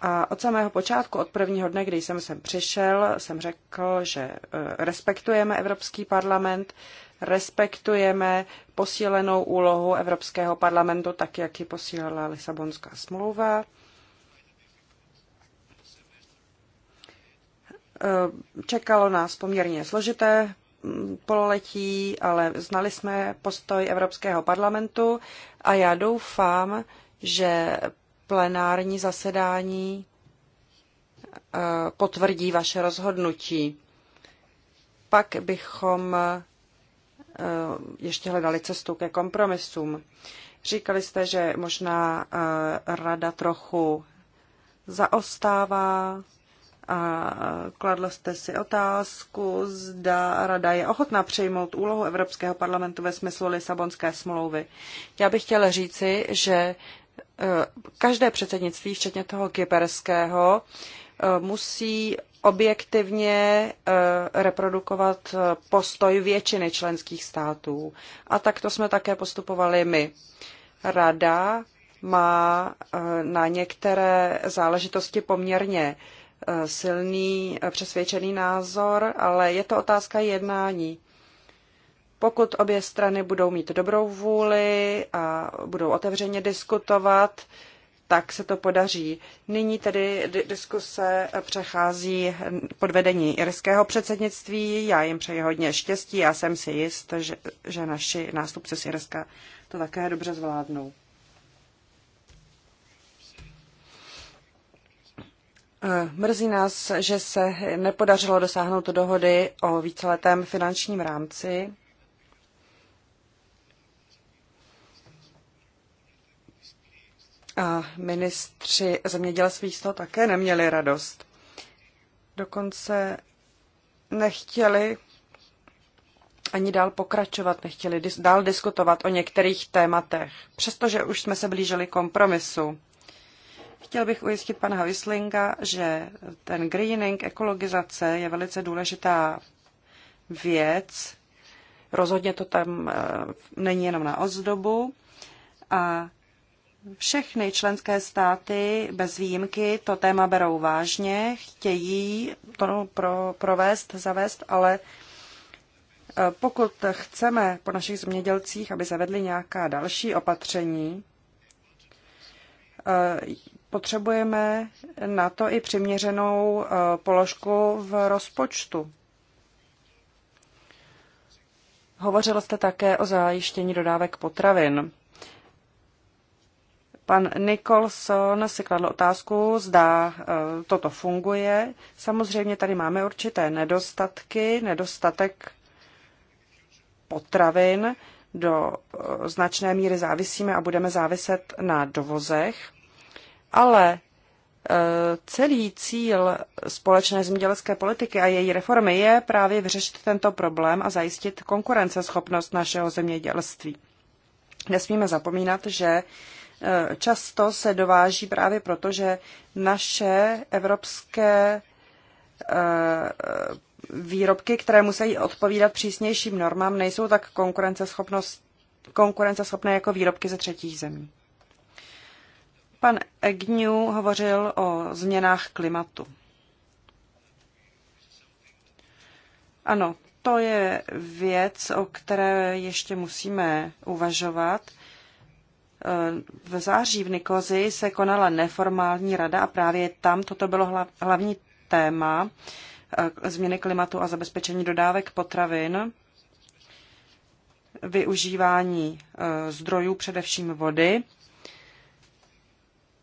Speaker 3: A od samého počátku, od prvního dne, kdy jsem sem přišel, jsem řekl, že e, respektujeme Evropský parlament, respektujeme posílenou úlohu Evropského parlamentu, tak jak ji posílala Lisabonská smlouva. E, čekalo nás poměrně složité pololetí, ale znali jsme postoj Evropského parlamentu a já doufám, že plenární zasedání eh, potvrdí vaše rozhodnutí. Pak bychom eh, ještě hledali cestu ke kompromisům. Říkali jste, že možná eh, rada trochu zaostává, a kladl jste si otázku, zda Rada je ochotná přejmout úlohu Evropského parlamentu ve smyslu Lisabonské smlouvy. Já bych chtěla říci, že e, každé předsednictví, včetně toho kyperského, e, musí objektivně e, reprodukovat postoj většiny členských států. A takto jsme také postupovali my. Rada má na některé záležitosti poměrně Eh, silný eh, přesvědčený názor, ale je to otázka jednání. Pokud obě strany budou mít dobrou vůli a budou otevřeně diskutovat, tak se to podaří. Nyní tedy diskuse přechází pod vedení irského předsednictví. Já jim přeji hodně štěstí. Já jsem si jist, že, že naši nástupci z Irska to také dobře zvládnou. Eh, mrzí nás, že se nepodařilo dosáhnout dohody o víceletém finančním rámci. A ministři zemědělství z toho také neměli radost. Dokonce nechtěli ani dál pokračovat, nechtěli dál diskutovat o některých tématech, přestože už jsme se blížili kompromisu. Chtěl bych ujistit pana Hoislinga, že ten greening, ekologizace je velice důležitá věc. Rozhodně to tam eh, není jenom na ozdobu. A všechny členské státy bez výjimky to téma berou vážně, chtějí to pro, provést, zavést, ale eh, pokud chceme po našich zemědělcích, aby zavedli nějaká další opatření, eh, potřebujeme na to i přiměřenou e, položku v rozpočtu. Hovořil jste také o zajištění dodávek potravin. Pan Nicholson si kladl otázku, zda e, toto funguje. Samozřejmě tady máme určité nedostatky, nedostatek potravin. Do e, značné míry závisíme a budeme záviset na dovozech ale e, celý cíl společné zemědělské politiky a její reformy je právě vyřešit tento problém a zajistit konkurenceschopnost našeho zemědělství. Nesmíme zapomínat, že e, často se dováží právě proto, že naše evropské e, výrobky, které musí odpovídat přísnějším normám, nejsou tak konkurenceschopné jako výrobky ze třetích zemí. Pan Agnew hovořil o změnách klimatu. Ano, to je věc, o které ještě musíme uvažovat. V září v Nikozi se konala neformální rada a právě tam toto bylo hlavní téma eh, změny klimatu a zabezpečení dodávek potravin, využívání eh, zdrojů, především vody.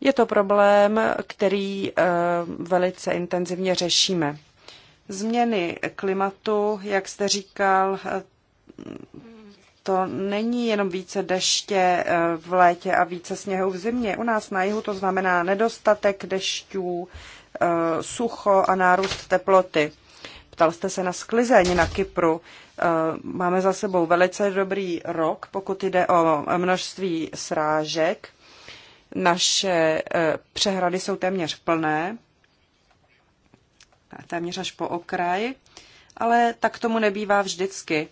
Speaker 3: Je to problém, který eh, velice intenzivně řešíme. Změny klimatu, jak jste říkal, eh, to není jenom více deště eh, v létě a více sněhu v zimě. U nás na jihu to znamená nedostatek dešťů, sucho a nárůst teploty. Ptal jste se na sklizeň na Kypru. Máme za sebou velice dobrý rok, pokud jde o množství srážek. Naše eh, přehrady jsou téměř plné, téměř až po okraj, ale tak tomu nebývá vždycky.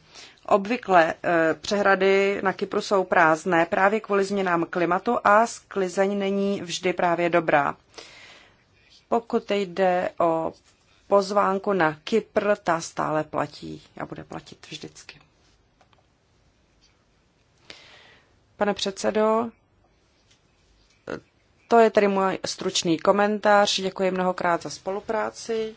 Speaker 3: Obvykle eh, přehrady na Kypru jsou prázdné právě kvůli změnám klimatu a sklizeň není vždy právě dobrá. Pokud jde o pozvánku na Kypr, ta stále platí a bude platit vždycky. Pane předsedo, to je tedy můj stručný komentář. Děkuji mnohokrát za spolupráci.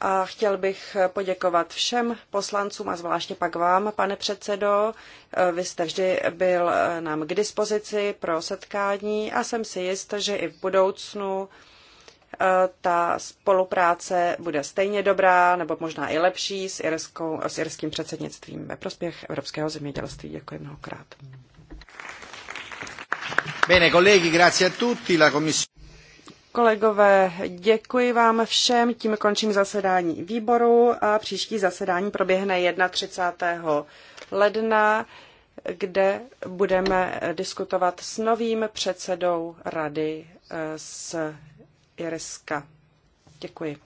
Speaker 3: A chtěl bych poděkovat všem poslancům a zvláště pak vám, pane předsedo. Vy jste vždy byl nám k dispozici pro setkání a jsem si jist, že i v budoucnu eh, ta spolupráce bude stejně dobrá nebo možná i lepší s, irskou, s irským předsednictvím ve prospěch evropského zemědělství. Děkuji mnohokrát.
Speaker 1: Bene, colleghi, grazie a tutti. La
Speaker 3: Kolegové, děkuji vám všem. Tím končím zasedání výboru a příští zasedání proběhne 31. ledna, kde budeme diskutovat s novým předsedou rady z eh, Irska. Děkuji.